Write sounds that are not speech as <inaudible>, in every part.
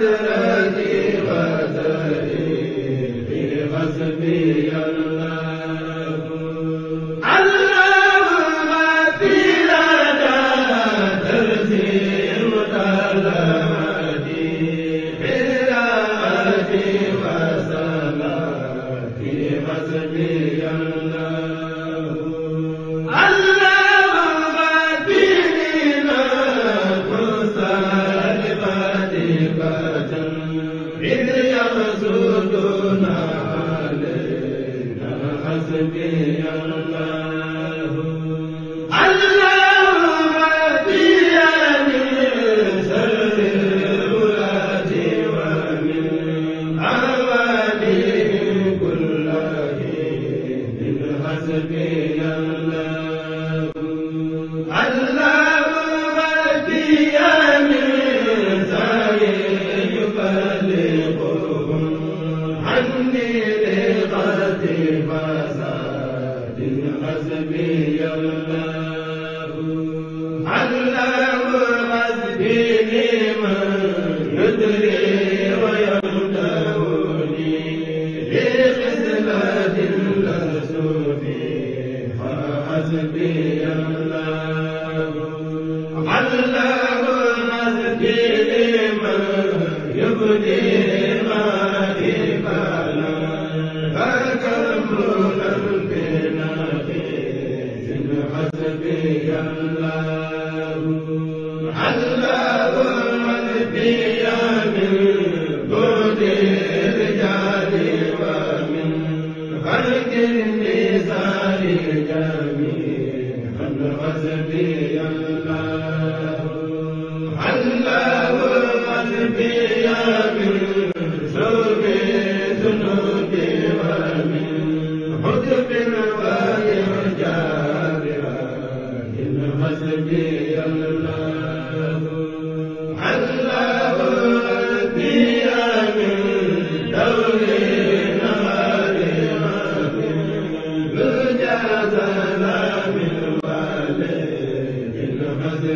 بدر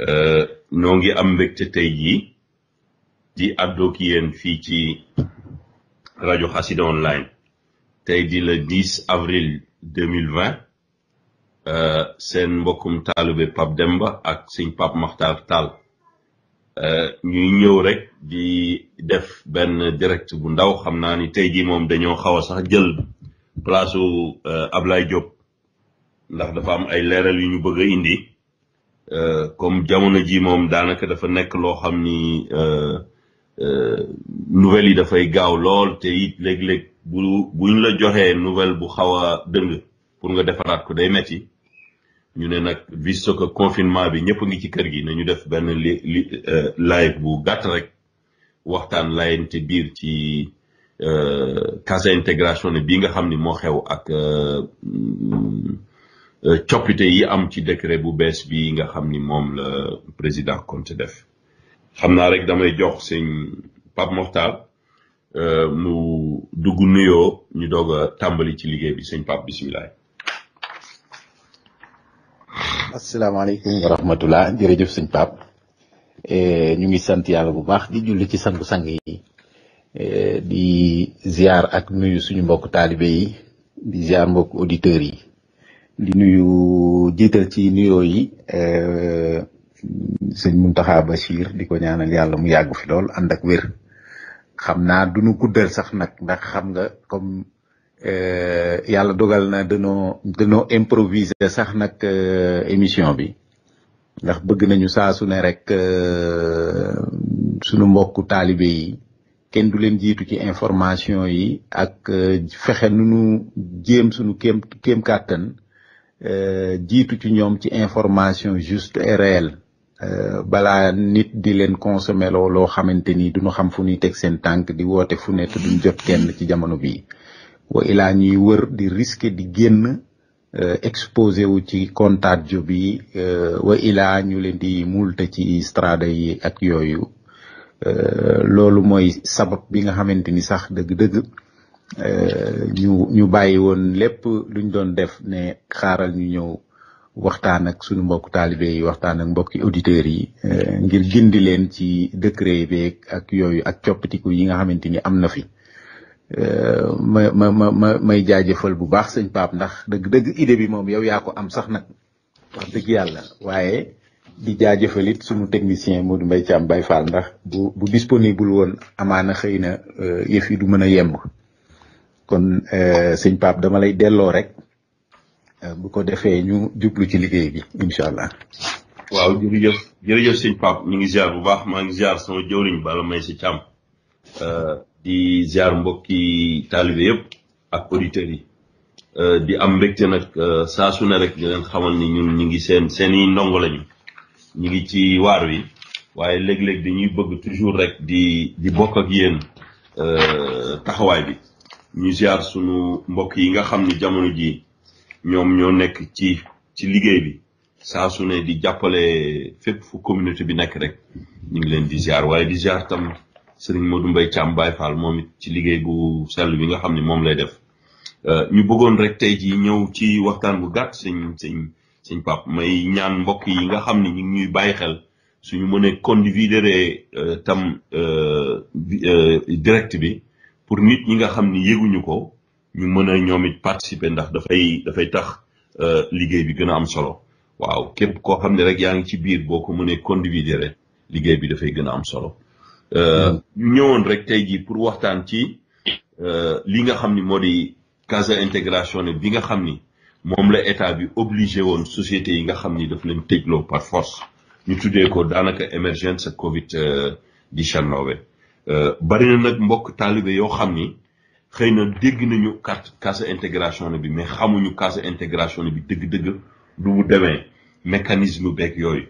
Euh, noo ngi am mbégte tey jii di àddoog yéen fii ci rajo xasida online tey di le 10 avril 2020 euh, seen mbokkum taalibe Pap Demba ak sëñ Pap Maxtar Tall euh, ñuy ñëw rek di def benn direct bu ndaw xam naa ni tey jii moom dañoo xaw a sax jël place u Ablaye Diop ndax dafa am ay leeral yu ñu bëgg a indi Euh, comme jamono ji moom daanaka dafa nekk loo xam ni euh, euh, nouvelle yi dafay gaaw lool te it léeg-léeg bu buñ la joxee nouvelle bu xaw a dëng pour nga defaraat ko day metti ñu ne nag visto que confinement bi ñëpp ngi ci kër gi nañu def benn li li live bu gàtt rek waxtaan layante biir ci casa intégration ne bii nga xam ni moo xew ak coppite yi am ci décret bu bees bi nga xam ni moom la président Conte def xam naa rek damay jox sëñ Pape Mokhtar euh, mu dugg nuyo ñu doog a tàmbali ci liggéey bi sëñ Pape bisimilah. asalaamaaleykum wa rahmatulah jërëjëf sëñ Pape eh, ñu ngi sant yàlla bu baax di julli ci sangu-sang yi eh, di ziar ak nuyu suñu mbokk taalibe yi di ziar mbokk auditeurs yi. li nuyu jiital ci nuyoo yi euh, sëñ Muntaxa Bachir di ko ñaanal yàlla mu yàgg fi lool ànd ak wér xam naa duñu guddal sax nag ndax xam nga comme euh, yàlla dogal na danoo danoo improviser sax nag euh, émission bi ndax bëgg nañu saasu ne rek sunu mbokku taalibe yi kenn du leen jiitu ci information yi ak fexe nunu nu jéem suñu kéem kéem kàttan Euh, jiitu ci ñoom ci information juste et réelle euh, balaa nit di leen consommer loo loo xamante ni duñu xam fu ñuy teg seen tànk di woote fu ne te duñ jot kenn ci jamono bii wa ilaa ñuy wër di risque di génn euh, exposé wu ci contagio bi wa ilaa ñu leen di multe ci strada yi ak yooyu loolu mooy sabab bi nga xamante ni sax dëgg-dëgg Euh, ñu ñu bàyyi woon lépp luñ doon def ne xaaral ñu ñëw waxtaan ak suñu mbokk taalibe yi waxtaan ak mbokki auditeurs yi euh, ngir gindi leen ci décret yi ak yooyu ak coppitiku yi nga xamante ni am na fi euh, ma ma ma may jaajëfal bu baax sëñ Pape ndax dëgg-dëgg idée bi moom yow yaa ko am sax nag wax dëgg yàlla waaye di jaajëfal it suñu technicien Modou Mbaye Thiam Baye Fall ndax bu bu disponible woon amaana xëy na yëf yi du mën a yemb. kon eh, sëñ Pape dama lay delloo rek eh, bu ko defee ñu jublu ci liggéey bi incha allah. waaw jërëjëf jërëjëf sëñ Pape mi ngi ziar bu baax maa ngi ziar sama jëwriñ bala may si càmm eh, di ziar mbokki taalibe yëpp ak auditeurs yi di am mbégte nag saa ne rek di leen xamal ni ñun ñu ngi seen seeni ndongo lañu ñu ngi ci waar wi waaye léeg-léeg dañuy bëgg toujours rek di di bokk ak yéen taxawaay bi. ñu ziar sunu mbokk yi nga xam ni jamono ji ñoom ñoo nekk ci ci liggéey bi saa su ne di jàppale fépp fu communauté bi nekk rek ñu ngi leen di ziar waaye di ziar tam sëriñ Modou Mbaye Thiam Baye Fall moom ci liggéey bu sell bi nga xam ni moom lay def euh, ñu bëggoon rek tey ji ñëw ci waxtaan bu gàtt sëñ sëñ sëñ pap may ñaan mbokk yi nga xam ni ñu ngi bàyyi xel suñu mënee condividere euh, tam euh, direct bi pour nit ñi nga xam ni yéguñu ko ñu mën a ñoom it participer ndax dafay dafay tax euh, liggéey bi gën a am solo waaw képp koo xam ne rek yaa ngi ci biir boo ko mënee conduire rek liggéey bi dafay gën a am solo. Euh, ñu ñëwoon rek tey jii pour waxtaan ci euh, li nga xam ni moo di casa integration ne bi nga xam ni moom la état bi obligé woon société yi nga xam ni daf leen tëjloo par force ñu tuddee ko daanaka émergence Covid 19. Euh, bari na nag mbokk taalibe yoo xam ni xëy na dégg nañu carte case intégration bi mais xamuñu case intégration bi dëgg-dëgg du mu demee mécanisme beeg yooyu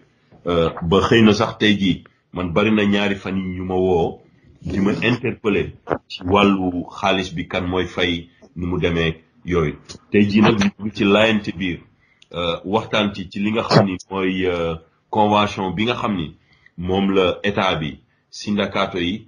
euh, ba xëy na sax tey jii man bari na ñaari fan yi ñu ma woo di ma interpellé ci wàllu xaalis bi kan mooy fay ni mu demee yooyu tey jii nag ñu ci laayante biir euh, waxtaan ci ci li nga xam ni mooy convention bi nga xam ni moom la état bi syndicato yi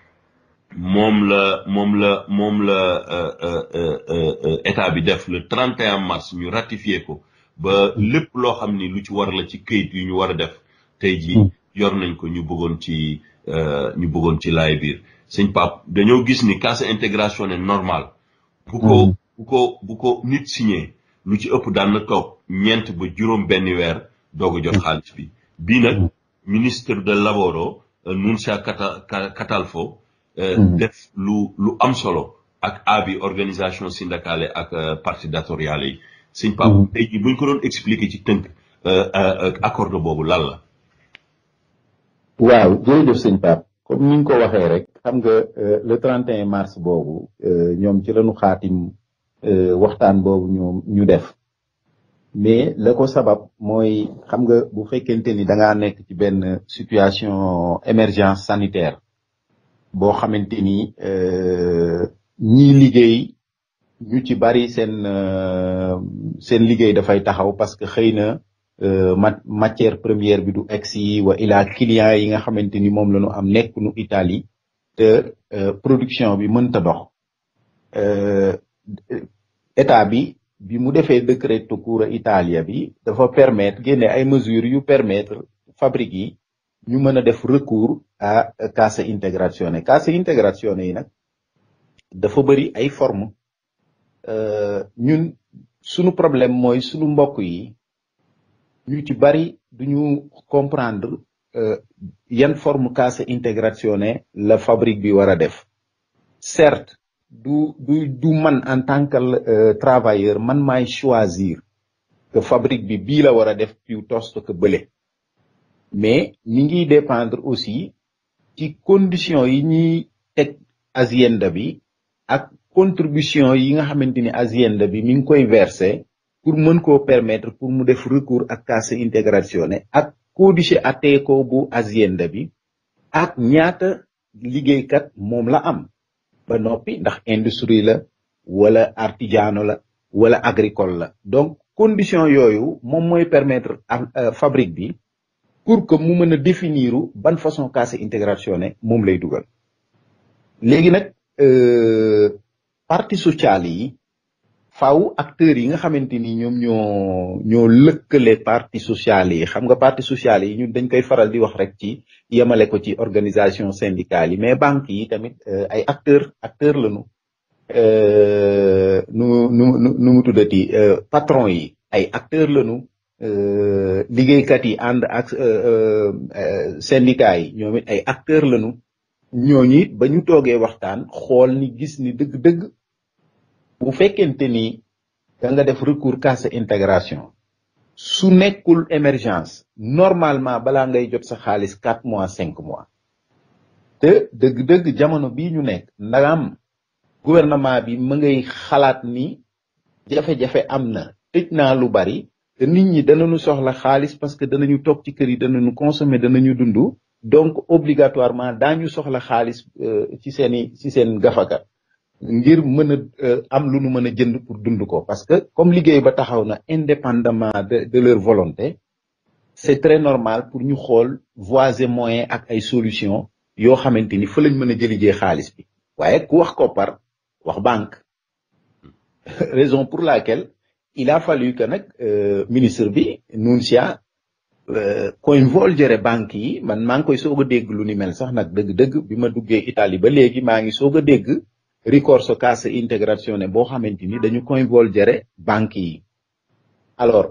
moom la moom la moom la euh, euh, euh, état bi def le 31 mars ñu ratifié ko ba lépp loo xam ni lu ci war la ci këyit yu ñu war a def tey jii hmm. yor nañ ko ñu bëggoon ci ñu bëggoon ci laay biir sëñ Pape dañoo gis ni case intégration ne normal hmm. bu ko bu ko bu nit signé lu ci ëpp daan na toog ñeent ba juróom benn weer doog a jot xaalis bi bii nag hmm. ministre de laboro Nunzia Catalfo Euh, mhm. def lu lu am solo ak abi organisation syndicale ak euh, parti datoriale yi sëñ Pape mhm. tey ko doon expliquer ci tënk euh, accord boobu lan la waaw jërëjëf sëñ Pape comme ni nga ko waxee rek xam nga le 31 mars boobu ñoom ci lañu xaatim waxtaan boobu ñoom ñu def mais la sabab mooy xam nga bu fekkente ni da ngaa nekk ci benn situation émergence sanitaire boo xamante ni euh, ñii liggéey ñu ci bari sen euh, seen liggéey fay taxaw parce que xeyna na euh, matière première bi du exi wa ila client yi nga xamanteni mom lañu am nek nu Italie te production bi mënta dox euh état bi bi mu defee décret cour Italia bi dafa permettre génne ay mesures yu permettre fabrique yi ñu mën a def recours à cassa integrazione cassa integrazione yi nag dafa bëri ay forme euh, ñun suñu problème mooy suñu mbokk yi ñu ci bari ñu comprendre euh, yan forme cassa integrazione la fabrique bi war a def certes du du du man en tant que euh, travailleur man maay choisir que fabrique bi bii la war a def piuttosto que bële mais ni ngi dépendre aussi ci condition yi ñuy teg azienda bi ak contribution yi nga xamanteni azienda bi mi ngi koy verser pour mën koo permettre pour mu def recours ak cassa intégrationne ak codice ateco bu azienda bi ak ñaata liggéeykat mom la am ba noppi ndax industrie la wala artigiano la wala agricole la donc condition yooyu moom mooy permettre euh, fabrique bi pour comme mu mën a définir ban façon casse intégration ne moom lay dugal léegi nag euh, parti sociale yi faaw acteurs yi nga xamante ni ñoom ñoo ñoo lëkkale parti sociale yi xam nga parti sociale yi ñun dañ koy faral di wax rek ci yemale ko ci organisation syndicale yi mais banque yi tamit euh, ay acteur acteur lañu euh, nu nu nu nu mu tuddati patron yi ay acteur lañu Eh, liggéeykat yi ànd ak eh, eh, syndicat yi ñoom ay acteurs lañu ñoo ñi ba ñu toogee waxtaan xool ni gis ni dëgg-dëgg bu fekkente ni da nga def recours casse intégration su nekkul émergence normalement balaa ngay jot sa xaalis 4 mois 5 mois te dëgg-dëgg jamono bii ñu nekk ndagam gouvernement bi ma ngay xalaat ni jafe-jafe am na tëj naa lu bari te nit ñi danañu soxla xaalis parce que danañu toog ci kër yi danañu consommer danañu dund donc obligatoirement dañu soxla xaalis euh, ci seeni ci seen gafaka ngir mën a euh, am lu nu mën a jënd pour dund ko parce que comme liggéey ba taxaw na indépendamment de de leur volonté c'est très normal pour ñu xool voies moyen ak ay solution yoo xamante ni fa lañ mën a jëlijee xaalis bi waaye ku wax koppar wax banque <laughs> raison pour laquelle il a fallu que nag euh, ministre bi Nunzia euh, convolvere banque yi man maa ngi koy soog a dégg lu ni sax nag dëgg-dëgg bi ma duggee Italie ba léegi maa ngi soog a dégg ricorso cassa integrazione boo xamante ni dañu convolvere banque yi alors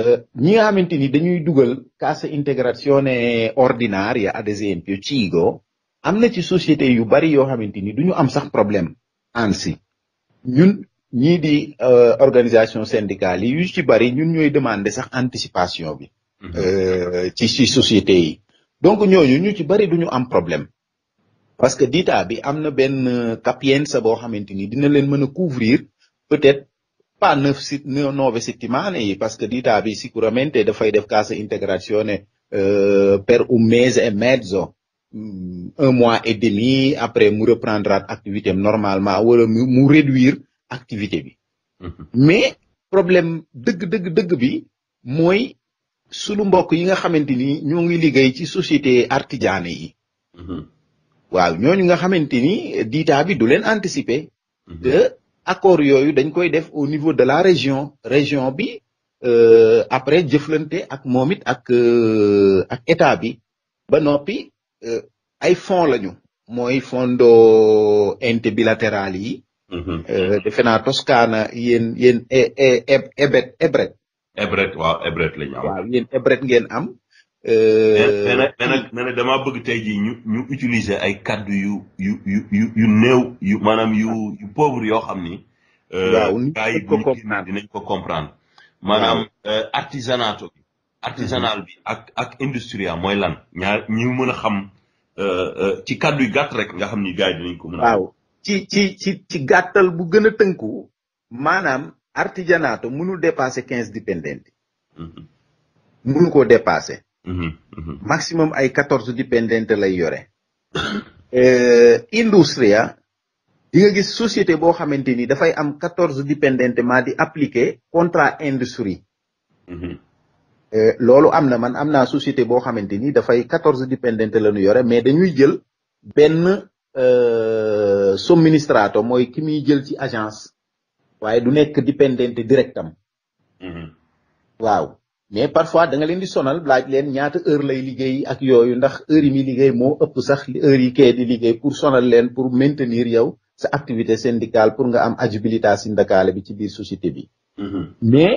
euh, ñi nga xamante ni dañuy dugal cassa integrazione ordinaria ad esempio Cigo am na ci société yu bari yoo xamante ni duñu am sax problème ANSI ñii di euh, organisation syndicale yi yu ci bari ñun ñooy demander sax anticipation bi. Mhm. Euh, ci ci société yi. donc ñooñu ñu ci bari duñu am problème. parce que dita bi am na benn euh, capienza boo xamante ni dina leen mën a couvrir peut-être pas neuf si nove yi parce que dita bi sicuramente dafay def intégration euh, per un mese et mezzo. Mm, un mois et demi après mu reprendre activité normalement wala mu réduire activité bi. Mm-hmm. mais problème deug deug deug bi moy suñu mbokk yi nga xamanteni ni ñoo ngi liggéey ci société artisanale yi. Mm-hmm. waaw ñooñu nga xamanteni ni diita bi du leen anticiper. de mm-hmm. accord yoyu dañ koy def au niveau de la région région bi euh, après jëflante ak momit it ak euh, ak état bi ba noppi euh, ay fonds lañu. moy fondo ente yi. Mhm. Eh, defe naa Toscana yéen yéen e, e, e, Ebret Ebret. Ebret waaw Ebret la ñu am. waaw Ebret ngeen am. Eh, mais nag mais nag damaa bëgg tey jii ñu ñu utiliser ay kaddu yu yu yu yu néew yu maanaam yu yu pauvre yoo xam ni. Eh, waaw nit ko comprendre dinañ ko comprendre. maanaam artisanato bi. artisanal mhm. bi ak ak industria mooy lan. ñaar ñu mën a xam ci kaddu yu gàtt rek nga xam ni gars yi dinañ ko mën a. ci ci ci ci gàttal bu gën a tënku maanaam artigianato mënul dépasser quinze dipendenti mm-hmm. mënu koo dépasser mm-hmm. Mm-hmm. maximum ay quatorze dipendenti lay yore <coughs> euh, industria di nga gis société boo xamante ni dafay am quatorze dipendenti maa di appliquer contrat industrie euh, loolu am na man am naa société boo xamante ni dafay quatorze dipendenti la ñu yore mais dañuy jël benn Euh, somministrato mooy ki muy jël ci agence waaye du nekk dipendente directam mhm. waaw mais parfois da nga leen di sonal laaj leen ñaata heure lay liggéey ak yooyu ndax heure yi muy liggéey moo ëpp sax li heure yi kee di liggéey pour sonal leen pour maintenir yow sa activité syndicale pour nga am agibilité syndicale bi ci biir société bi mhm. mais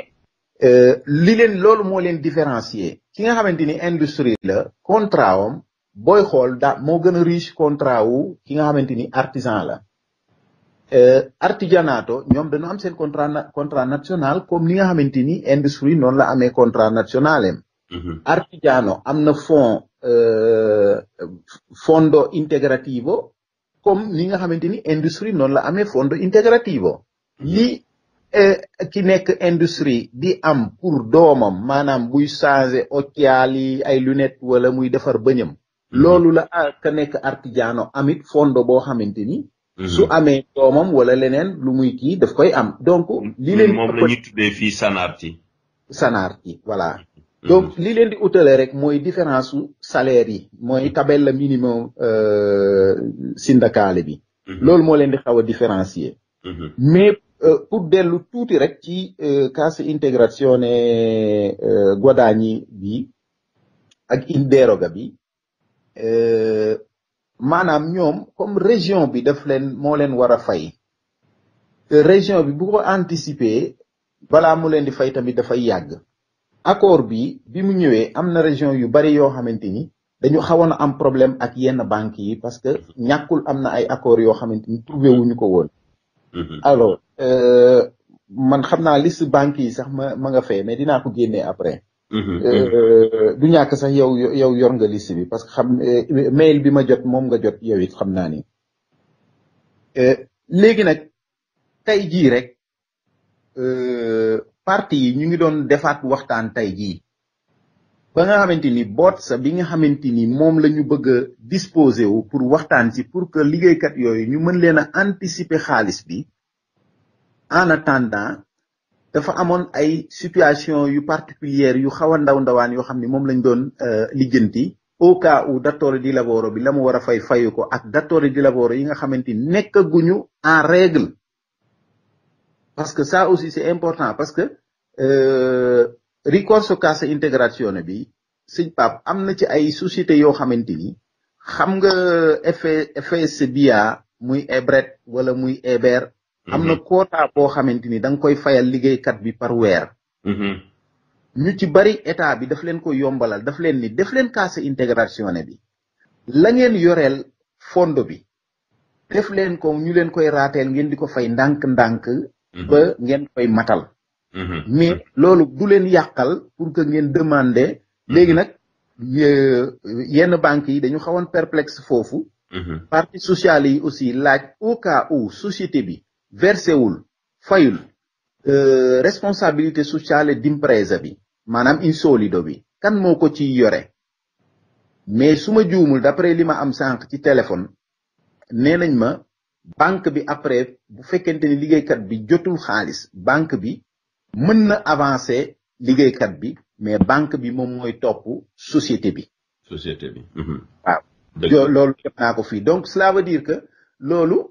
euh, li leen loolu moo leen différencier ki nga xamante ni industrie la contrat am booy xool daa moo gën a riche contra wu ki nga xamante ni artisan la euh, artigianato ñoom dañu am seen contrat contrat national comme ni nga xamante ni industrie noonu la amee contrat national am mm-hmm. artigiano am na fond euh, fondo integrativo comme ni nga xamante ni industrie noonu la amee fondo integrativo mm-hmm. li euh, ki nekk industrie di am pour doomam maanaam buy changé okial yi ay lunettes wala muy defar bëñam loolu la ka nekk artigiano amit fondo boo xamante ni. Mhm. su amee doomam wala leneen lu muy kii daf koy am donc. Mm-hmm. li leen moom la ñuy tuddee voilà. Mm-hmm. li leen di utale rek mooy différence salaire yi mooy tabella minimum syndicale euh, bi. Mm-hmm. loolu moo leen di xaw a différencier. mais euh, pour dellu tuuti rek ci euh, cassa integrazione guadagni bi ak in deroga bi. Euh, maanaam ñoom comme région bi daf leen moo leen war a fay région bi bu ko anticiper balaa mu leen di fay tamit dafay yàgg accord bi bi mu ñëwee am na région yu bari yoo xamante ni dañu xawoon am problème ak yenn banques yi parce que ñàkkul am na ay accords yoo xamante ni trouvé wuñu ko woon mm-hmm. alors euh, man xam naa liste banques yi sax ma ma nga fee mais dinaa ko génnee après Mm-hmm, euh, mm-hmm. du ñàkk sax yow yow yor nga liste bi parce que xam euh, mail bi ma jot moom nga jot yow xam naa ni euh, léegi nag tey jii rek parti yi ñu ngi doon defaat waxtaan tey jii ba nga xamante ni boot sa bi nga xamante ni moom la ñu bëgg a wu pour waxtaan ci pour que liggéeykat yooyu ñu mën leen a anticiper xaalis bi en attendant dafa amone ay situation yu particulière yu xawa ndaw ndawaan yo xamni mom lañ doon euh, lijeenti au cas où datori di laboro bi lamu wara fay fayuko, ko ak datori di laboro yi nga nek guñu en règle parce que ça aussi c'est important parce que euh, au cas intégration bi sëñ pap amna ci ay société yo xamante ni xam nga FSBA muy ebret wala muy eber am mhm. quota bo xamanteni dang koy fayal kat bi par weer. Mhm. ñu ci bari état bi daf leen ko yombalal daf leen ni daf leen casse intégration bi la ngeen yorel fondo bi def leen ko ñu leen koy ratel ngeen di ko fay ndank ndank mhm. ba ngeen koy matal. mais lolu du leen yakal pour que ngeen demander. légui nak yenn banques yi dañu xawoon perplexe foofu. parti sociale yi aussi laaj au cas où société bi. versewul fayul euh, responsabilité sociale d'impresa bi maanaam insolido bi kan moo ko ci yore mais suma juumul d'après li ma am sànq ci téléphone nee nañ ma banque bi après bu fekkente ni liggéeykat bi jotul xaalis banque bi mën na avancer liggéeykat bi mais banque bi moom mooy topp société bi. société bi. waaw loolu def naa ko fii donc cela veut dire que loolu.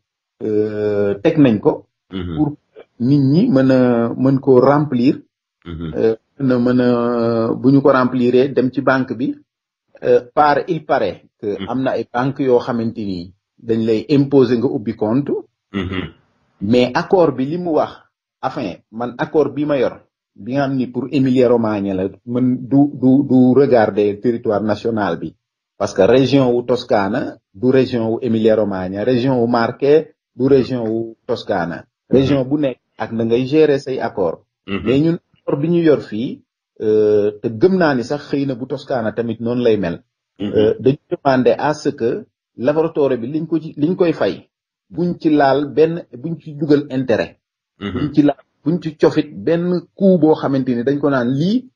Euh, tek nañ ko. Mhm. pour nit ñi mën a mën ko remplir. Mhm. Euh, na mën a bu ñu ko rempliré dem ci banque bi. Euh, par il paraît que mhm. am na ay banque yoo xamante ni dañ lay imposer nga ubbi compte. mais accord bi li mu wax afin man accord bi ma yor bi nga xam ni pour Emilia Romagna la man du du du regarder territoire national bi parce que région wu Toscana du région wu Emilia Romagna région wu Marche du région wu Toscana région mhm. bu nekk ak na ngay gérer say accord mhm. mais ñun accord bi ñu yor fii euh, te gëm naa ni sax xëy na bu Toscana tamit noonu lay mel mhm. euh, dañu demandé à ce que laboratoire bi liñ ko liñ koy fay buñ ci laal benn buñ ci dugal intérêt buñ ci laal buñ ci cofit benn coût boo xamante ni dañ ko naan lii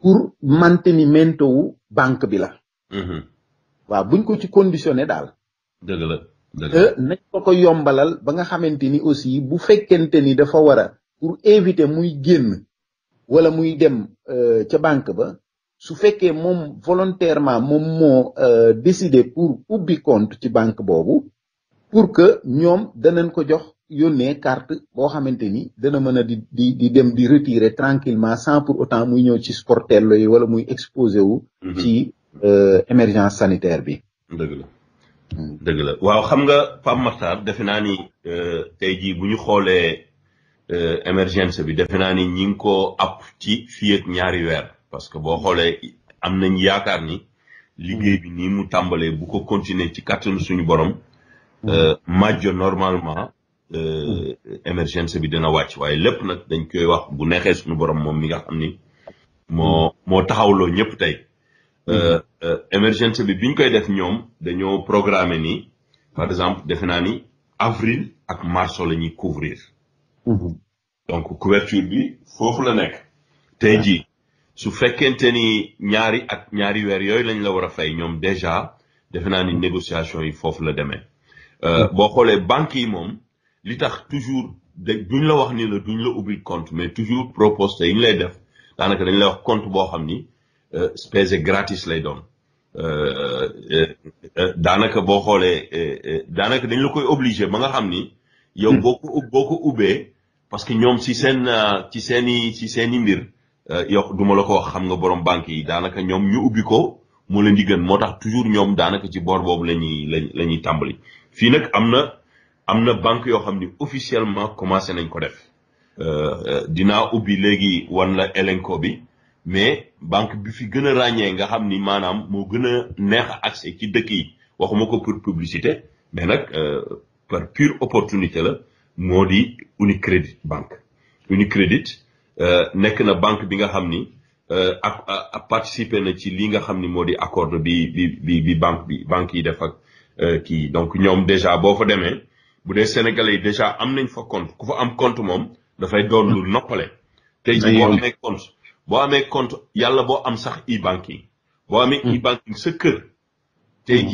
pour mantenimento wu banque bi la waaw buñ ko ci conditionné daal Euh, nañ ko ko yombalal ba nga xamante ni aussi bu fekkente ni dafa war a pour éviter muy génn wala muy dem euh, ca banque ba su fekkee moom volontairement moom moo euh, décider pour ubbi compte ci banque boobu pour que ñoom danañ ko jox yónnee carte boo xamante ni dana mën a di di dem di retirer tranquillement sans pour autant muy ñëw ci sportello yi wala muy exposé wu mhm. ci émergence sanitaire bi dëgg la waaw xam nga Pape Makhtar defe naa ni euh, tey jii bu ñu xoolee euh, émergence bi defe naa ni ñi ngi ko ab ci fii ñaari weer parce que boo xoolee am nañ yaakaar ni liggéey bi nii mu tàmbalee bu ko continuer ci kàttanu suñu borom euh, màjj normalement émergence bi dina wàcc waaye lépp nag dañ koy wax bu neexee suñu borom moom mi nga xam ni moo moo taxawloo ñëpp tey Euh, euh, émergence bi biñ koy def ñoom dañoo programmer nii par exemple defe naa ni avril ak mars la ñuy couvrir. Mhm. donc couverture bi foofu la nekk. tey jii su fekkente ni ñaari ak ñaari weer yooyu lañu la war a fay ñoom déjà defe naa ni négociation yi foofu la demee. Euh, mhm. boo xoolee banque yi moom li tax toujours de duñ la wax ni la duñ la ubbil compte mais toujours proposé yi ñu lay def daanaka dañ lay wax compte boo xam ni. Eh, spese gratis lay doon eh, eh, daanaka boo xoolee daanaka dañ la koy obligé ba nga xam ni. yow hmm. boo boo ko ubbee parce que ñoom si seen ci seen i si seen i mbir yow du la ko wax xam nga borom banque yi daanaka ñoom ñu ubbi ko mu leen di gën moo tax toujours ñoom daanaka ci boor boobu la ñuy la ñuy tàmbali. fii nag am na am na banque yoo xam ni officiellement commencé nañ ko def dinaa ubbi léegi wan la elenco bi. mais banque bi fi gën a ràññee nga xam ni maanaam moo gën a neex accès ci dëkk yi waxuma ko pour publicité mais nag euh, par pure opportunité la moo di Unicredit banque Unicredit euh, nekk na banque bi nga xam ni euh, ak ak participer na ci li nga xam ni moo di accord bi bi bi bi banque bi banque yi def ak kii donc ñoom déjà boo fa demee bu dee sénégalais yi déjà am nañ fa compte ku fa am compte moom dafay doon lu noppale te ji boo amee compte boo amee compte yàlla boo am sax e-banking. boo amee hmm. e-banking sa kër. Hmm.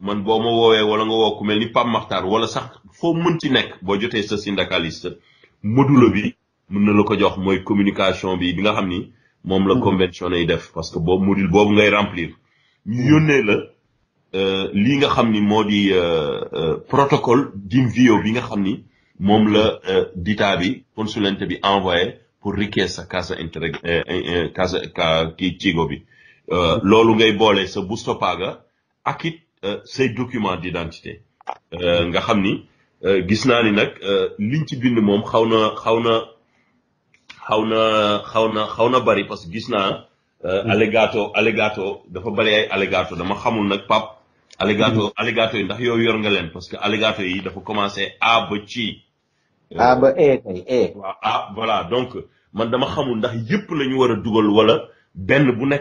man boo ma woowee wala nga woo ku mel ni Pape Makhtar wala sax foo mën ci nekk boo jotee sa syndicaliste modulo bi mën na la ko jox mooy communication bi bi nga xam ni. moom la hmm. convention nay def parce que boobu module boobu ngay remplir. ñu yónnee la euh, lii nga xam ni moo di euh, euh, protocole d'invio bi nga xam ni moom la dita bi consulente bi envoyé. pour riquer sa casa intérêt eh, eh, eh, casa kii ciigo bi loolu ngay boole sa busta paga ak it say document d'identité nga xam ni gis naa ni nag liñ ci bind moom xaw na xaw na xaw na xaw na xaw na bari parce que gis naa allégato allégato dafa bari ay dama xamul nag pap allégato mm-hmm. allégato yi ndax yow yor nga leen parce que allégato yi dafa commencé A ci Ah, euh, eh, eh. ah voilà donc man dama xamul ndax yépp lañu wara war wala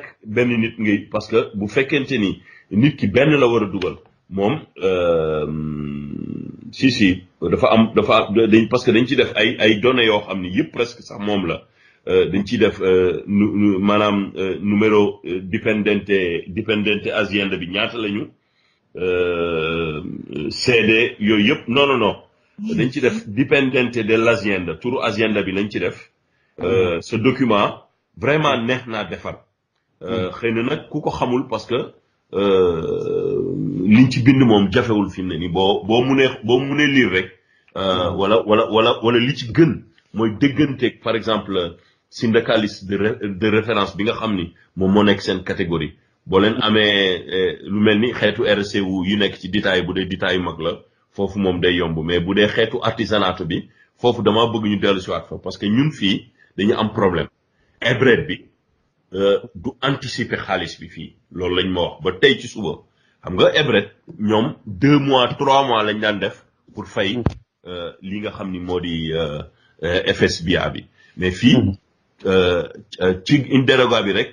parce que bu fekkente ni nit ki la wara euh si si dafa am dafa parce que dañ ci def données presque sax mom la euh, dañ def euh, numéro bi euh CD yo non non non dañ ci def dipendente de l'agenda turu agenda bi lañ ci def euh, ce document vraiment neex naa defar euh, hmm. xëy na nag ku ko xamul parce que euh, liñ ci bind moom jafewul fi ne ni boo boo munee boo munee lire rek hmm. wala wala wala wala li ci gën mooy dégganteeg par exemple syndicaliste de de référence bi nga xam ni moom moo nekk seen catégorie boo leen amee lu mel ni xeetu RSE wu yu nekk ci détail bu dee détail mag la foofu moom day yomb mais bu dee xeetu artisanat bi foofu dama bëgg ñu dellu si waat fa parce que ñun fii dañu am problème ebret bi euh, du anticiper xaalis bi fii loolu lañ ma wax ba tey ci suba xam nga ebret ñoom deux mois trois mois lañ daan def pour fay mm-hmm. euh, li nga xam ni moo di euh, FSBA bi mais fii mm-hmm. ci interroga bi rek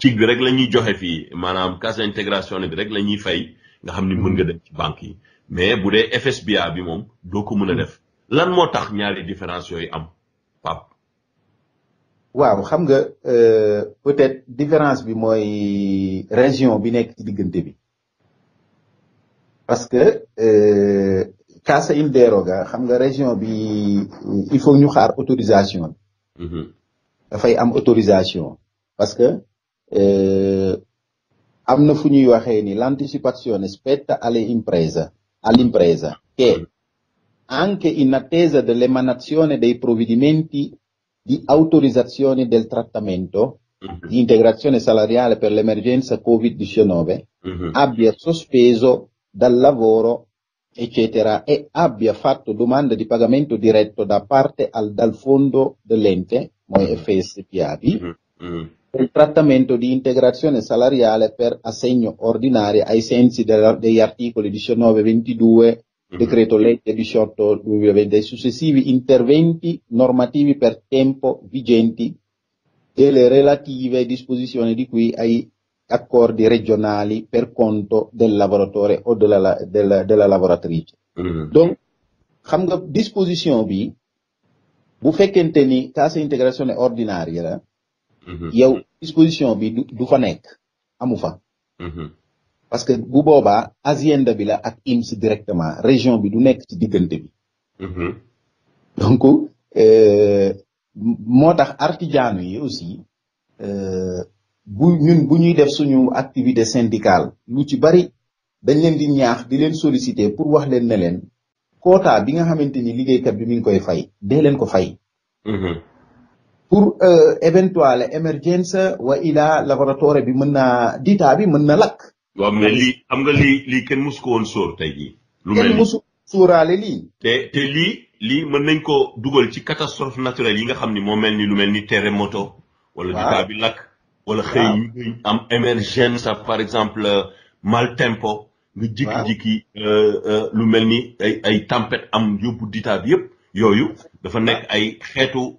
cig bi rek la ñuy joxe fii maanaam casse d'intégration bi rek la ñuy fay nga xam ni mën nga dem ci banque yi mais bu dee FSBA bi moom doo ko mën a def lan moo tax ñaari différence yooyu am Pape waaw xam nga euh, peut-être différence bi mooy région bi nekk ci diggante bi parce que euh, Casa il déroga xam nga région bi il faut ñu xaar autorisation bi mm-hmm. dafay am autorisation parce que euh, am na fu ñuy waxee ni l'anticipazione spetta alle imprese, all'impresa che anche in attesa dell'emanazione dei provvedimenti di autorizzazione del trattamento mhm. di integrazione salariale per l'emergenza Covid-19 uh-huh. Mhm. abbia sospeso dal lavoro eccetera e abbia fatto domanda di pagamento diretto da parte al, dal fondo dell'ente FSPAB il trattamento di integrazione salariale per assegno ordinario ai sensi della, degli articoli 19 e 22 mhm. decreto legge 18 2020 e successivi interventi normativi per tempo vigenti e le relative disposizioni di qui ai accordi regionali per conto del lavoratore o della, della, della lavoratrice. Mm. Donc, disposizione nga disposition che bu fekkente ni integrazione ordinaria Mm-hmm. yow disposition bi du fa nekk amu fa mm-hmm. parce que bu boobaa azienda bi la ak IMS directement région bi du nekk ci diggante bi mm-hmm. donc euh, moo tax artijaanu yi aussi euh, bu ñun bu ñuy def suñu activité syndicale lu ci bari dañ leen di ñaax di leen solliciter pour wax leen ne leen quota bi nga xamante ni liggéeykat bi mi ngi koy fay dee leen ko fay pour euh, éventuelle émergence wa ila laboratoire bi meuna dita bi meuna lak wa mais li xam nga li li ken musko won sor tay gi lu mel ni musu sorale li te te li li meun nañ ko dugal ci catastrophe naturelle yi nga xamni mo melni lu melni terremoto. wala dita bi lak wala xëy ñu am émergence par exemple mal tempo. nga jiki jikki euh lu melni ay ay tempête am yóbbu dita bi yep yoyu dafa nek ay xeetu.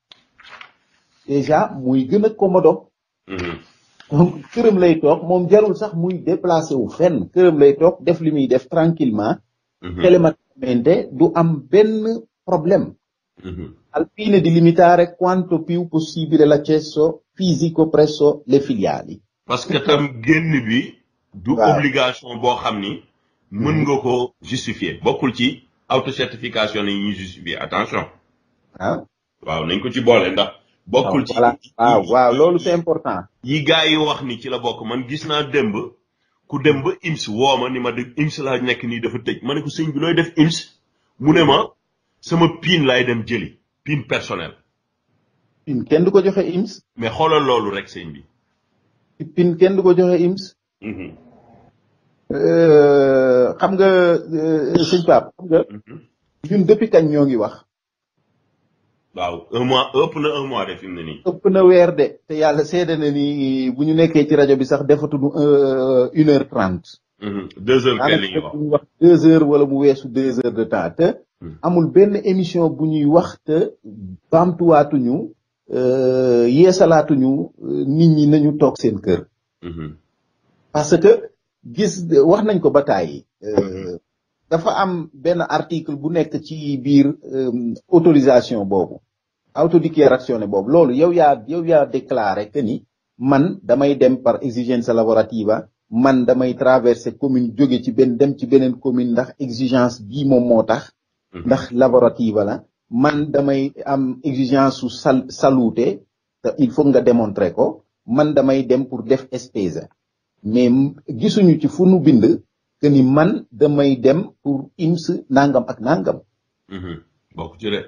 déjà muy gën a komodo mm-hmm. këram lay toog moom jarul sax muy déplacé wu fenn këram lay toog def li muy def tranquillement mm-hmm. telematicamente du am benn problème mm-hmm. al fine di limitare quanto più possibile l'accesso fisico presso le filiali parce que tam génn bi du obligation boo xam ni mën nga ko justifier bokkul ci autocertification yi ñuy justifier attention waaw ah. waaw nañ ko ci boole ndax bokkul ci ah, waaw waaw loolu c'est important. yi gars yi wax ni ci la bokk man gis naa démb ku dem ba IMS woo ma ni ma de IMS la nekk nii dafa tëj ma ne ko sëñ bi nooy def IMS mu ne ma sama PIN laay dem jëli PIN personnel. PIN kenn du ko joxe IMS. mais xoolal loolu rek sëñ bi. PIN kenn du ko joxe IMS. Mhm. Euh, xam nga euh, sëñ Pape xam nga. Mhm. ñun depuis kañ ñoo ngi wax. waaw un mois ëpp na un mois de fi ne nii. ëpp na weer de te yàlla seede na ni bu ñu nekkee ci rajo bi sax defatuñu euh, une heure trente. Mm-hmm. deux heures kenn li ñuy wax deux heures wala mu weesu deux heures de temps te. Mm. amul benn émission bu ñuy wax te bamtuwaatuñu euh, yeesalaatuñu euh, nit ñi nañu toog seen kër. Mm-hmm. parce que gis wax nañ ko ba tàyyi. dafa am benn article bu nekk ci biir euh, autorisation boobu autodichiarazione boobu loolu yow yaa yow yaa déclaré que man damay dem par exigenza lavorativa man damay traversé commune jóge ci benn dem ci beneen commune ndax exigence bii moom moo tax mhm. ndax lavorativa la man damay am exigence su sal salute il faut nga démontrer ko man damay dem pour def spesa mais gisuñu ci fu nu bind que ni man damay dem pour ims nangam ak nangam mhm. bokku ci de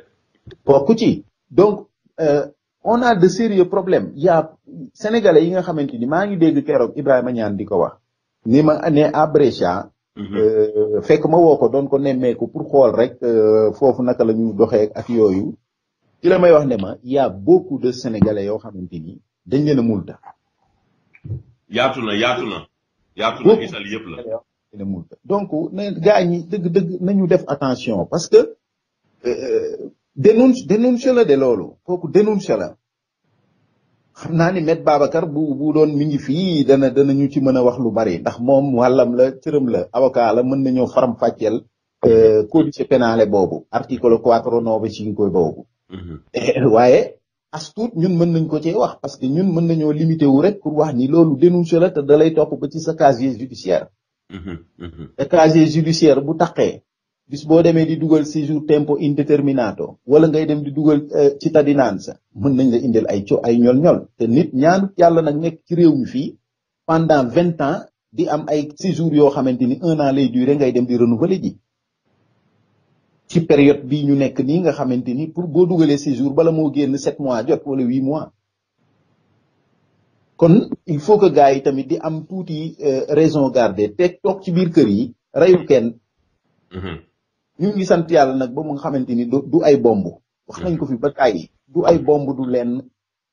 bokku ci donc euh, on a de sérieux problèmes il y a sénégalais yi nga xamanteni ma ngi dégg kérok ibrahima ñaan diko wax ni ma né à mhm. euh fekk ma don ko némé ko pour xol rek euh, fofu naka lañu doxé ak yoyu ci la may wax né ma y a beaucoup de sénégalais yo xamanteni dañ leena a multa yaatu na isal yépp la donc gars ñi devons attention parce que dénonce euh, dénonce la de lolu dénoncez dénonce la xamna ni Babacar bu bu doon mi ngi dana dana ci mëna wax lu bari ndax la la avocat la mën faram euh code bobu article devons faire des choses, ñun ko wax parce que ñun mën limité wu rek pour wax ni lolu dénonce la te da lay ci sa casier judiciaire te mhm, mhm. casier judiciaire bu taqee bis boo demee di dugal séjour tempo indéterminato wala ngay dem di dugal euh, cittadinanza mën nañ la indil ay co ay ñol-ñol te nit ñaan yàlla nag nekk ci réew mi fii pendant vingt ans di am ay séjour yoo xamante ni un an lay durer ngay dem di renouveler ji ci période bii ñu nekk nii nga xamante ni pour boo dugalee séjour bala moo génn sept mois jot wala huit mois kon il faut que gars yi tamit di am tuuti euh, raison garder te toog ci biir kër yi reyul kenn. Mm-hmm. ñu ngi sant yàlla nag ba mu nga xamante ni du ay bomb. wax nañ ko fi ba tàyyi du ay bomb du lenn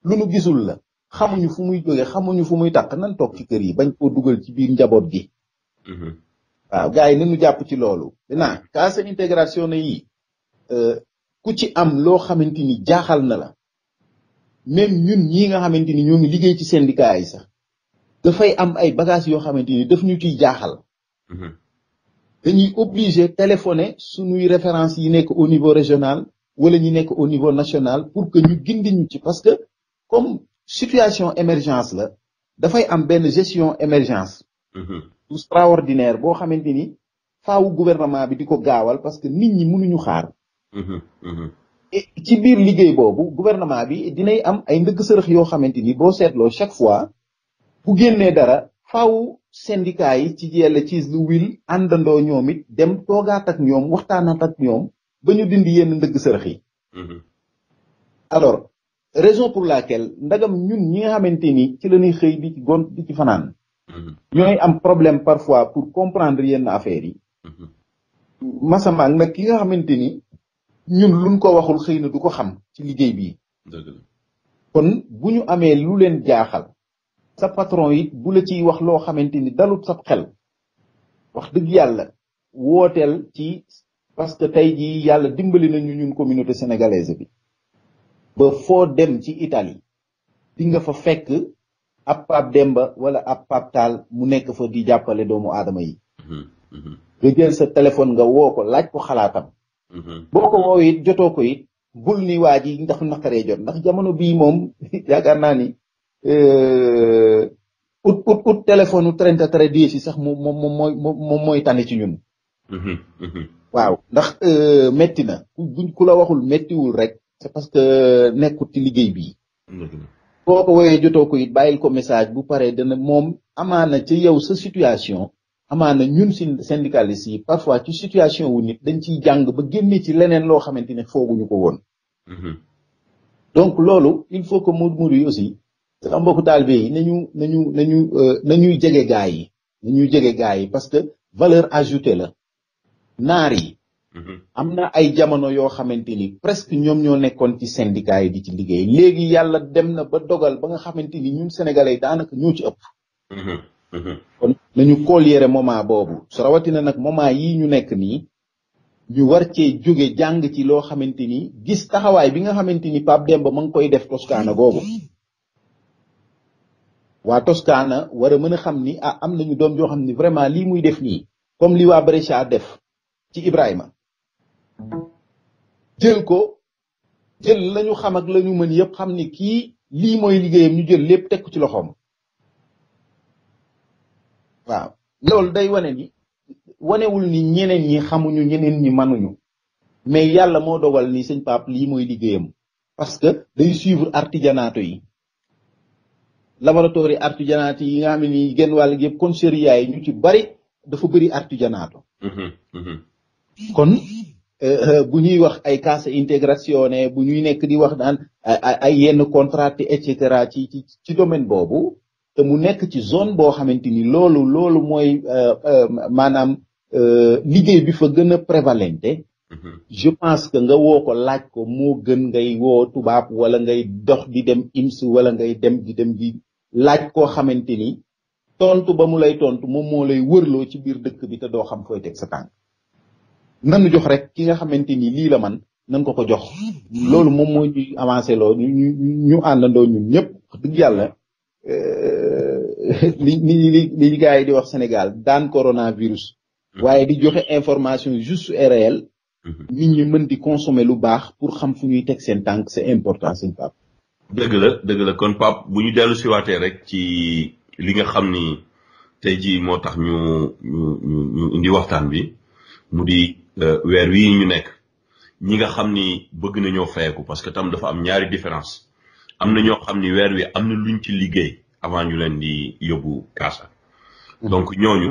lu nu gisul la xamuñu fu muy jóge xamuñu fu muy takk nan toog ci kër yi bañ koo dugal ci biir njaboot gi. Mm-hmm. waaw gars yi ni ñu jàpp ci loolu. dinaa cas intégration na yii euh, ku ci am loo xamante ni jaaxal na la. même ñun ñii nga xamante ni ñoo ngi liggéey ci syndicat yi sax dafay am ay bagages yoo xamante ni daf ñu ciy jaaxal. Mhm. dañuy obligé téléphoner suñuy références yi nekk au niveau régional wala ñi nekk au niveau national pour que ñu gindi ñu ci parce que comme situation émergence la dafay am benn gestion émergence. Mhm. tout extraordinaire boo xamante ni faawu gouvernement bi di ko gaawal parce que nit ñi mënuñu xaar. Mhm, ci biir liggéey boobu gouvernement bi dinay am ay ndëgg sërëx yoo xamante ni boo seetloo chaque fois bu génnee dara faw syndicat yi ci yàlla ci lu wil àndandoo ñoom it dem toogaat ak ñoom waxtaanaat ak ñoom ba ñu dindi yenn ndëgg sërëx yi. Mm-hmm. alors raison pour laquelle ndagam ñun ñi nga xamante ni ci la xëy di ci gont di ci fanaan. Mm-hmm. ñooy am problème parfois pour comprendre yenn affaire yi. Mm-hmm. masama nag ki nga xamante ñun luñ ko waxul xëy na du ko xam ci liggéey bi kon bu ñu amee lu leen jaaxal sa patron yi bu la ciy wax loo xamante ni dalut sab xel wax dëgg yàlla wooteel ci parce que tey jii yàlla dimbali nañu ñun communauté sénégalaise bi ba foo dem ci Italie di nga fa fekk ab Pape Demba wala ab Pape Tall mu nekk fa di jàppale doomu aadama yi nga jël sa téléphone nga woo ko laaj ko xalaatam Mm-hmm. boo ko woowee jotoo ko it bul ni waa ji ndax naqaree jot ndax jamono bii moom <laughs> yaakaar naa ni euh, ut ut ut téléphone u trente très diis yi sax moom moom mooy moom mooy tànn ci ñun. Mm-hmm. Mm-hmm. waaw ndax euh, métti na buñ ku la waxul méttiwul rek c'est parce que nekkut ci liggéey bi boo ko woowee jotoo ko it bàyyil ko message bu paree dana moom amaana ci yow sa situation. amaana ñun si syndicalistes yi parfois ci situation wu nit dañ ci jàng ba génne ci leneen loo xamante ne fooguñu ko woon. Mm-hmm. donc loolu il faut que Modou Modou yi aussi. sa mbokku taalibe yi nañu nañu nañu euh, nañuy jege gaa yi nañuy jege gaa yi parce que valeur ajoutée la naar yi. Mm-hmm. am na ay jamono yoo xamante ni presque ñoom ñoo nekkoon ci syndicat yi di ci liggéey léegi yàlla dem na ba dogal ba nga xamante ni ñun sénégalais daanaka ñoo ci ëpp. Mm-hmm. Mhm. kon nañu colliere moment boobu su rawatina nag moment yii ñu nekk nii ñu war cee jóge jàng ci loo xamante ni gis taxawaay bi nga xamante ni Pape Demba ma ngi koy def Toscana googu waa toskaana war a mën a xam ni ah am nañu doom joo xam ni vraiment lii muy def nii comme lii waa Brescia def ci Ibrahima jël ko jël lañu xam ak la mën yëpp xam ni kii lii mooy liggéeyam ñu jël lépp teg ci loxoom waaw loolu day wane ni wanewul ni ñeneen ñi xamuñu ñeneen ñi mënuñu mais yàlla moo dogal ni sëñ Pape lii mooy liggéeyam parce que day suivre artisanatu yi laboratoire artisanatu yi nga xam ne nii genn wàll yëpp conserverie yi ñu ci bari dafa bëri artisanatu mhm, mhm. kon euh, bu ñuy wax ay cassa integrazione bu ñuy nekk di wax daan ay yenn contrate et cetera ci ci ci domaine boobu mu nekk ci zone boo xamante ni loolu loolu mooy euh, euh, maanaam euh, liggéey bi fa gën a prévalente mm-hmm. je pense que nga woo ko laaj ko moo gën ngay woo tubaab wala ngay dox di dem IMS wala ngay dem di dem di laaj koo xamante ni tontu ba mu lay tontu moom moo lay wërloo ci biir dëkk bi te doo xam fooy teg sa tànk nanu jox rek ki nga xamante ni lii la man nan ko ko jox loolu moom moo ñuy avancé loo ñu ñu ñu àndandoo ñun ñëpp dëgg yàlla <laughs> li li li gars yi di wax Sénégal daan coronavirus. Mhm. waaye di joxe information juste et réelle. Mhm. nit ñi mën di consommer lu baax pour xam fu ñuy teg seen tànk c'est important seen Pape. dëgg la dëgg la kon Pape bu ñu dellu siwaatee rek ci li nga xam ni tey jii moo tax ñu ñu ñu indi waxtaan bi mu di euh, weer wii ñu nekk ñi nga xam ni bëgg nañoo fayeku parce que tam dafa am ñaari différence am na ñoo xam ni weer wi am na luñ ci liggéey. avant ñu leen di yóbbu kaasa mhm. donc ñooñu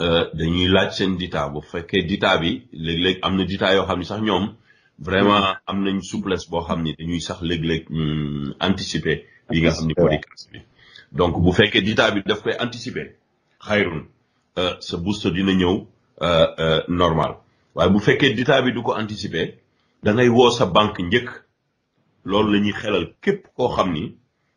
euh, dañuy laaj seen dita bu fekkee dita bi léeg-léeg am dita yoo vraiment mhm. am souplesse boo xam dañuy sax mm, anticiper yi nga xam politique. donc bu fekkee dita bi daf koy anticiper xayrun euh, sa booster dina ñëw euh, normal waaye bu fekkee dita bi du anticiper da ngay woo sa banque njëkk loolu la ñuy xelal képp koo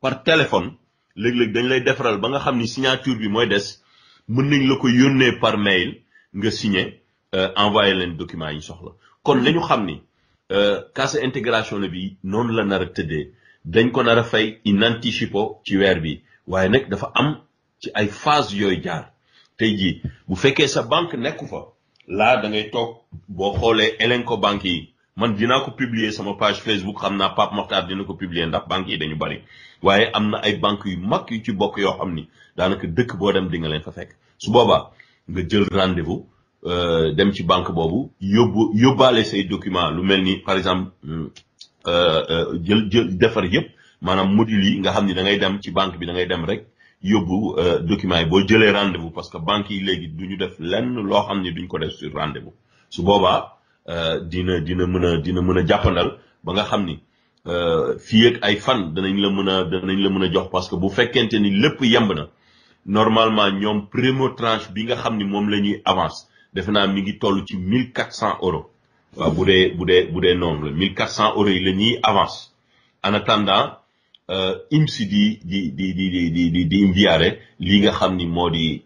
par téléphone leg leg dañ lay defaral ba nga xamni signature bi moy dess mën nañ la ko yónnee par mail nga signer euh envoyer leen document yi soxla kon nañu xamni euh cassa intégration la bi noonu la nara teudé dañ ko nara fay in anticipo ci wèr bi waye nak dafa am ci ay phase yoy jaar tay ji bu féké sa banque nekufa la da ngay tok bo xolé elenco banque yi man dina ko publier sama page facebook xamna pap moxtar dina ko publier ndax banque yi dañu bari waye amna ay banque yu mak yu ci bok yo xamni danaka dekk bo dem di nga len fa fek su boba nga jël rendez-vous euh dem ci banque bobu yobbu yobale say document lu melni par exemple euh euh jël jël defar yépp manam module yi nga xamni da ngay dem ci banque bi da ngay dem rek yobbu euh, document yi bo jëlé rendez-vous parce que banque yi légui duñu def lenn lo xamni duñ ko def sur rendez-vous su boba dina dina mëna dina mëna a ba nga xamni euh fi ak ay fan dinañ la mëna dinañ la mëna jox parce que bu fekkente ni lepp yemb na normalement ñom primo tranche bi nga xamni ni lañuy avance def na mi ngi tollu ci mille quatre cent euros waaw bu dee bu dee bu dee di di di di di euros yi di di avance en attendant IMSI di di di di di di di di di li nga di di di di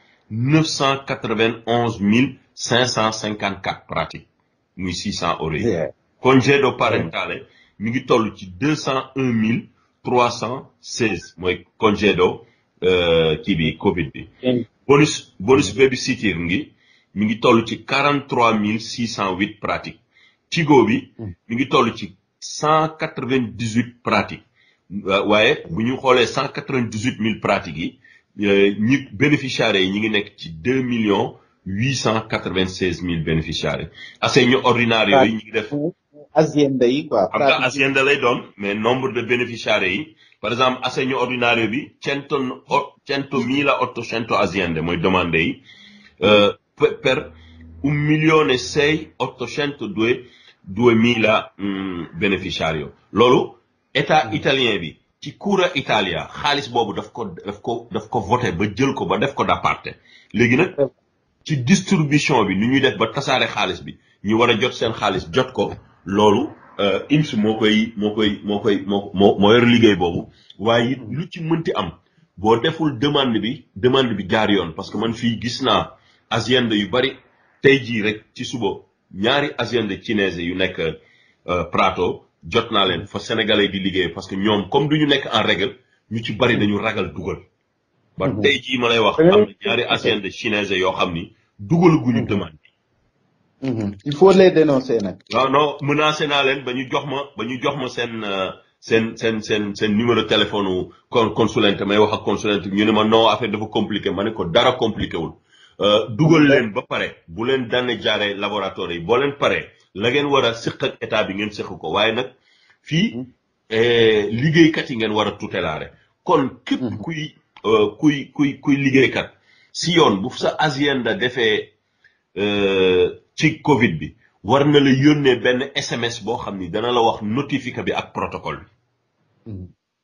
991 554 pratiques 600 euros congé de parentale nous, 201 316 mooy congé de euh, Covid bonus bonus babysitter ngi 43 608 pratiques. Tigobi, bi mm. mi 198 pratiques Ouais, nous nous 198 000 pratiques Euh, ñi bénéficiaires yi ñi ngi nekk ci deux millions huit cent quatre vingt seize mille bénéficiaires assegno ordinario yi ñi ngi def azienda yi quoi xam nga azienda lay doon mais nombre de bénéficiaires yi par exemple assegno ordinario bi cento cento mila ottocento aziende mooy domande yi euh, per un milione sei ottocento due duemila euh, bénéficiario loolu état hmm. italien bi ci Cura Italia xaalis boobu daf ko daf ko daf ko voté ba jël ko ba def ko d'aparté léegi nag ci distribution bi ni ñuy def ba tasaare xaalis bi ñu war a jot seen xaalis jot ko loolu euh, IMS moo koy moo koy moo koy moo moo moo liggéey boobu waaye it lu ci mënti am boo deful demande bi demande bi jaar yoon parce que man fi gis naa asiende yu bari tey jii rek ci suba ñaari asiende chinoise yu nekk euh, Prato jot naa leen fa sénégalais di liggéey parce que ñoom comme du ñu nekk en règle ñu ci bari dañu ragal dugal. ba mhm. tey jii ma lay wax. am na ñaari anciens de chinois yoo xam ni dugal gu ñu mhm. demande. Mhm. il faut les dénoncer nag. waaw non menacé naa leen ba ñu jox ma ba ñu jox ma seen euh, seen seen seen seen numéro téléphone con consulente may wax ak consulente ñu ne ma non affaire dafa compliqué ma ne ko dara compliqué wul. Euh, dugal leen ba pare bu leen daan jaaree laboratoire yi boo leen paree. la ngeen war a siq ak état bi ngeen siq ko waaye nag fii liggéeykat yi ngeen war a tutelaare kon képp kuy kuy kuy kuy liggéeykat si yoon bu sa agenda defee ci covid bi war na la yónnee benn sms boo xam ni dana la wax notificat bi ak protocole bi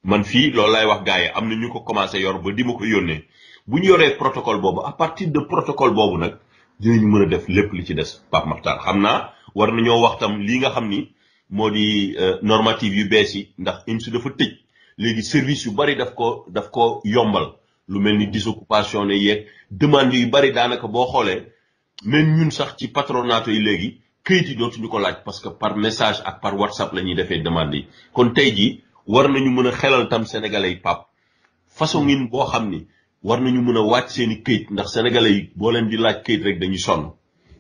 man fii loolu lay wax gars yi am na ñu ko commencé yor ba di ma ko yónnee bu ñu yoree protocole boobu à partir de protocole boobu nag dinañu mën a def lépp li ci des Pape Makhtar xam naa war nañoo wax tam lii nga xam ni moo di euh, normative yu bees yi ndax IMSU dafa tëj léegi service yu bari daf ko daf ko yombal lu mel ni disoccupation ne yeeg demande yu bari daanaka boo xoolee même ñun sax ci patronato yi léegi këyit yi dootuñu ko laaj parce que par message ak par whatsapp la ñuy defee demande yi kon tey jii war nañu mën a xelal tam sénégalais yi pap façon ngin boo xam ni war nañu mën a wàcc seen i këyit ndax sénégalais yi boo leen di laaj këyit rek dañuy sonn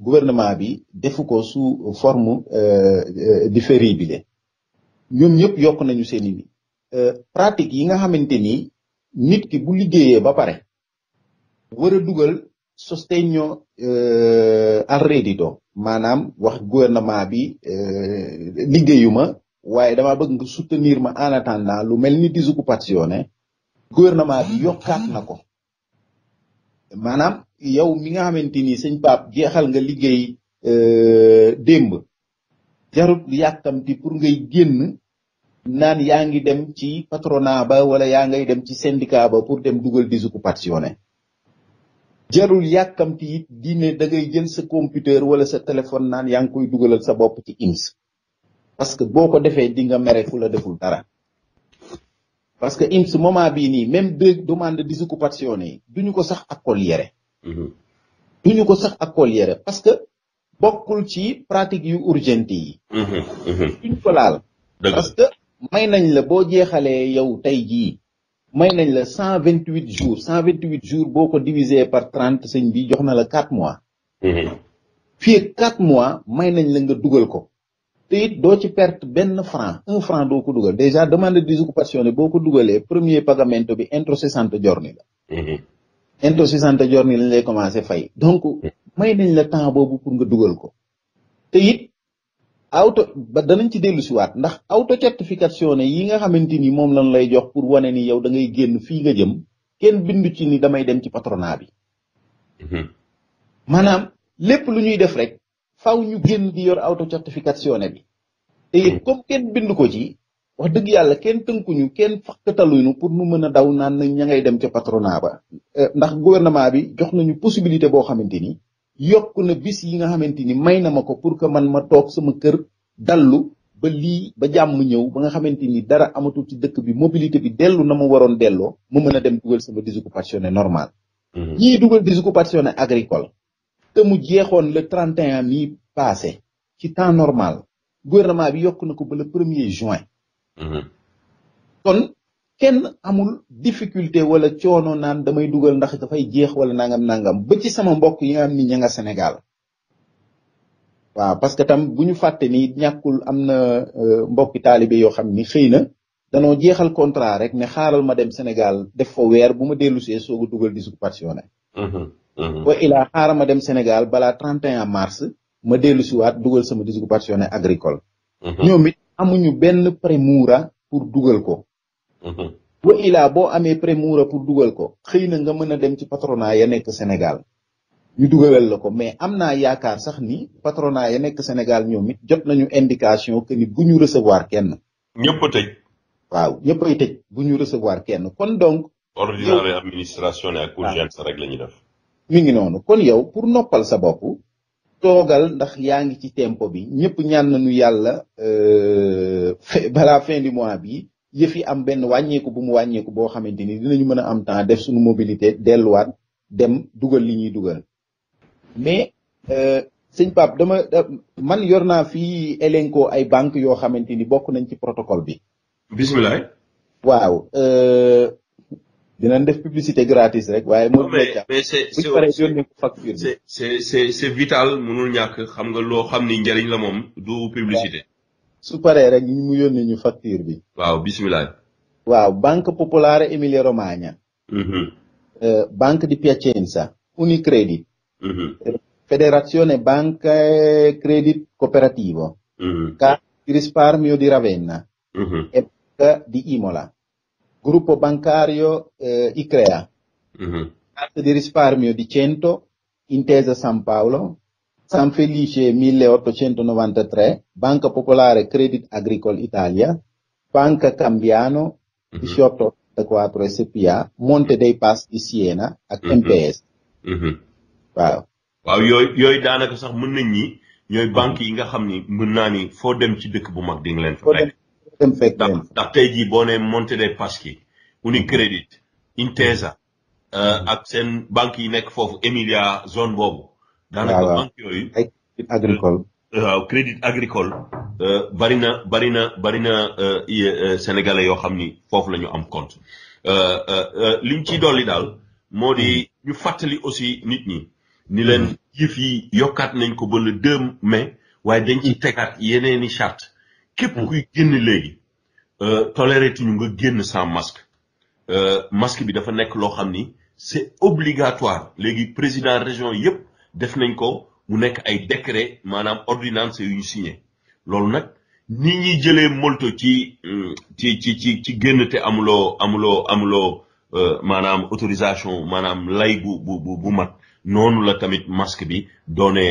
gouvernement bi defu ko sous forme euh, euh, différée bi le ñoom yokk nañu seen i euh, pratique yi nga xamante ni nit ki bu liggéeyee ba pare war a dugal sostegno al reddito maanaam wax gouvernement bi liggéeyuma waaye dama bëgg nga soutenir ma en attendant lu mel ni disoccupazione gouvernement bi yokkaat na ko manam yow mi nga xamanteni ni pap jeexal nga liggéey euh, demb jarut yàkkamti pour ngay genn nan yaangi dem ci patronat ba wala ya ngay dem ci syndicat ba pour dem dougal di occupation jarul yàkkamti it di da ngay jël sa computer wala sa téléphone nan yang koy dougalal sa bop ci IMS parce que boko defé di nga méré fula deful dara parce que im ce moment bi ni même deux demande de désoccupation ni duñu ko sax ak kol yéré hmm duñu ko sax yéré parce que bokul ci pratique yu urgente yi hmm hmm ko laal parce que may nañ la bo jéxalé yow tay ji may nañ la 128 jours 128 jours boko diviser par 30 c'est bi jox la 4 mois Puis fi 4 mois may nañ la nga duggal ko te it doo ci perte benn franc un franc doo ko dugal déjà demande de disoccupazione boo ko dugalee premier pagamento bi entro sessanta giorni la entro mhm. sessanta giorni lañ lay commencé fay donc mhm. may nañ la temps boobu pour nga dugal ko te it auto ba danañ ci dellu siwaat ndax auto certification yi nga xamante ni moom lañ lay jox pour wane ni yow da ngay génn fii nga jëm kenn bindu ci ni damay dem ci patrona bi mhm. maanaam lépp lu ñuy def rek faaw ñu génn di yor auto certification bi te it comme kenn bind ko ci wax dëgg yàlla kenn tënkuñu kenn fakkataluñu pour nu mën a daw naan na ña ngay dem ca patronat ba eh, ndax gouvernement bi jox nañu possibilité boo xamante ni yokk na bis yi nga xamante ni may pour que man ma toog sama kër dallu ba lii ba jàmm ñëw ba nga xamante ni dara amatul ci dëkk bi mobilité bi dellu na ma waroon delloo ma mën dem dugal sama disoccupazione normal mm-hmm. ñii dugal disoccupazione agricole te mu jeexoon le 31 mi passé ci temps normal gouvernement bi yokk na ko ba le 1er juin. Mhm. kon kenn amul difficulté wala coono naan damay dugal ndax dafay jeex wala nangam nangam ba ci sama mbokk yi nga am nga Sénégal. waaw parce que tam bu ñu fàtte ni ñàkkul am na euh, mbokki taalibe yoo xam ni xëy na danoo jeexal contrat rek ne xaaral ma dem Sénégal def fa weer bu ma dellu see soog a dugal disoccupazione mhm. wa mhm. ilaa xaaral ma dem Sénégal balaa 31 mars ma dellu siwaat dugal sama disoccupazione agricole mhm. ñoom it amuñu benn premura pour dugal ko wa mhm. ilaa boo amee premura pour dugal ko xëy na nga mën dem ci patronat ya nekk Sénégal ñu dugalal la ko mais am naa yaakaar sax ni patronat ya nekk Sénégal ñoom it jot nañu indication que ni bu ñu recevoir kenn ñëpp a tëj waaw ñëpp ay tëj bu ñu recevoir kenn kon donc ordinaire administration ak urgence rek la ñuy def mi ngi noonu kon yow pour noppal sa bopp toogal ndax yaa ngi ci tempo bi ñëpp ñaan nañu yàlla euh, <laughs> balaa fin du mois bi yëf yi am benn wàññeeku bu mu wàññeeku boo xamante ni dinañu mën a am temps def suñu mobilité delluwaat dem dugal li ñuy dugal mais euh, sëñ Pape dama man yor naa fii elenko ay banque yoo xamante ni bokk nañ ci protocole bi bisimilah waaw euh, dinañ def publicité gratis rek waaye. moo mais mais c'est c'est c'est c'est vital mënul ñàkk xam nga loo xam ni njëriñ la moom du publicité. su paree rek ñu mu yónni ñu facture bi. waaw bisimilah. waaw Banca Popolare Emilia Romagna. Mm-hmm. Euh, Banque di Piacenza. Unicredit. Mm-hmm. Federazione Banca Credit Cooperativo. Mm-hmm. Cassa di risparmio di Ravenna. e Banca di Imola gruppo bancario eh, ICREA, mm-hmm. Cassa di risparmio di 100, Intesa San Paolo, San Felice 1893, Banca Popolare Credit Agricole Italia, Banca Cambiano mm-hmm. 1884 SPA, Monte dei Pass di Siena ak MPS. Mm-hmm. Mm-hmm. Wow. waaw yooyu yooyu daanaka sax mën nañ ñi ñooy mm-hmm. banques yi nga xam ni mën naa ni foo dem ci dëkk bu mag di nga leen fa dem ndax tey jii boo nee Monte dei Paschi UniCredit Intesa hmm. euh, ak seen banque yi nekk foofu Emilia zone boobu daanaka banque yooyu crédit agricole euh, waaw crédit agricole euh, bari na bari na bari na sénégalais yoo xam ni foofu lañu ñu am compte liñ ciy dolli daal moo di hmm. ñu fàttali aussi nit ñi ni leen hmm. yëf yi yokkaat nañ ko ba le mais mai waaye dañ ci tegaat yeneeni chart képp hmm. kuy génn léegi euh, toléré tu nga génn sans masque euh, masque bi dafa nekk loo xam ni c'est obligatoire léegi président région yépp def nañ ko mu nekk ay décret maanaam ordonnance yu ñu signé loolu nag ni ñuy jëlee molto ci euh, ci ci ci ci génn te amuloo amuloo amuloo maanaam autorisation maanaam lay bu bu bu mat noonu la tamit masque bi doone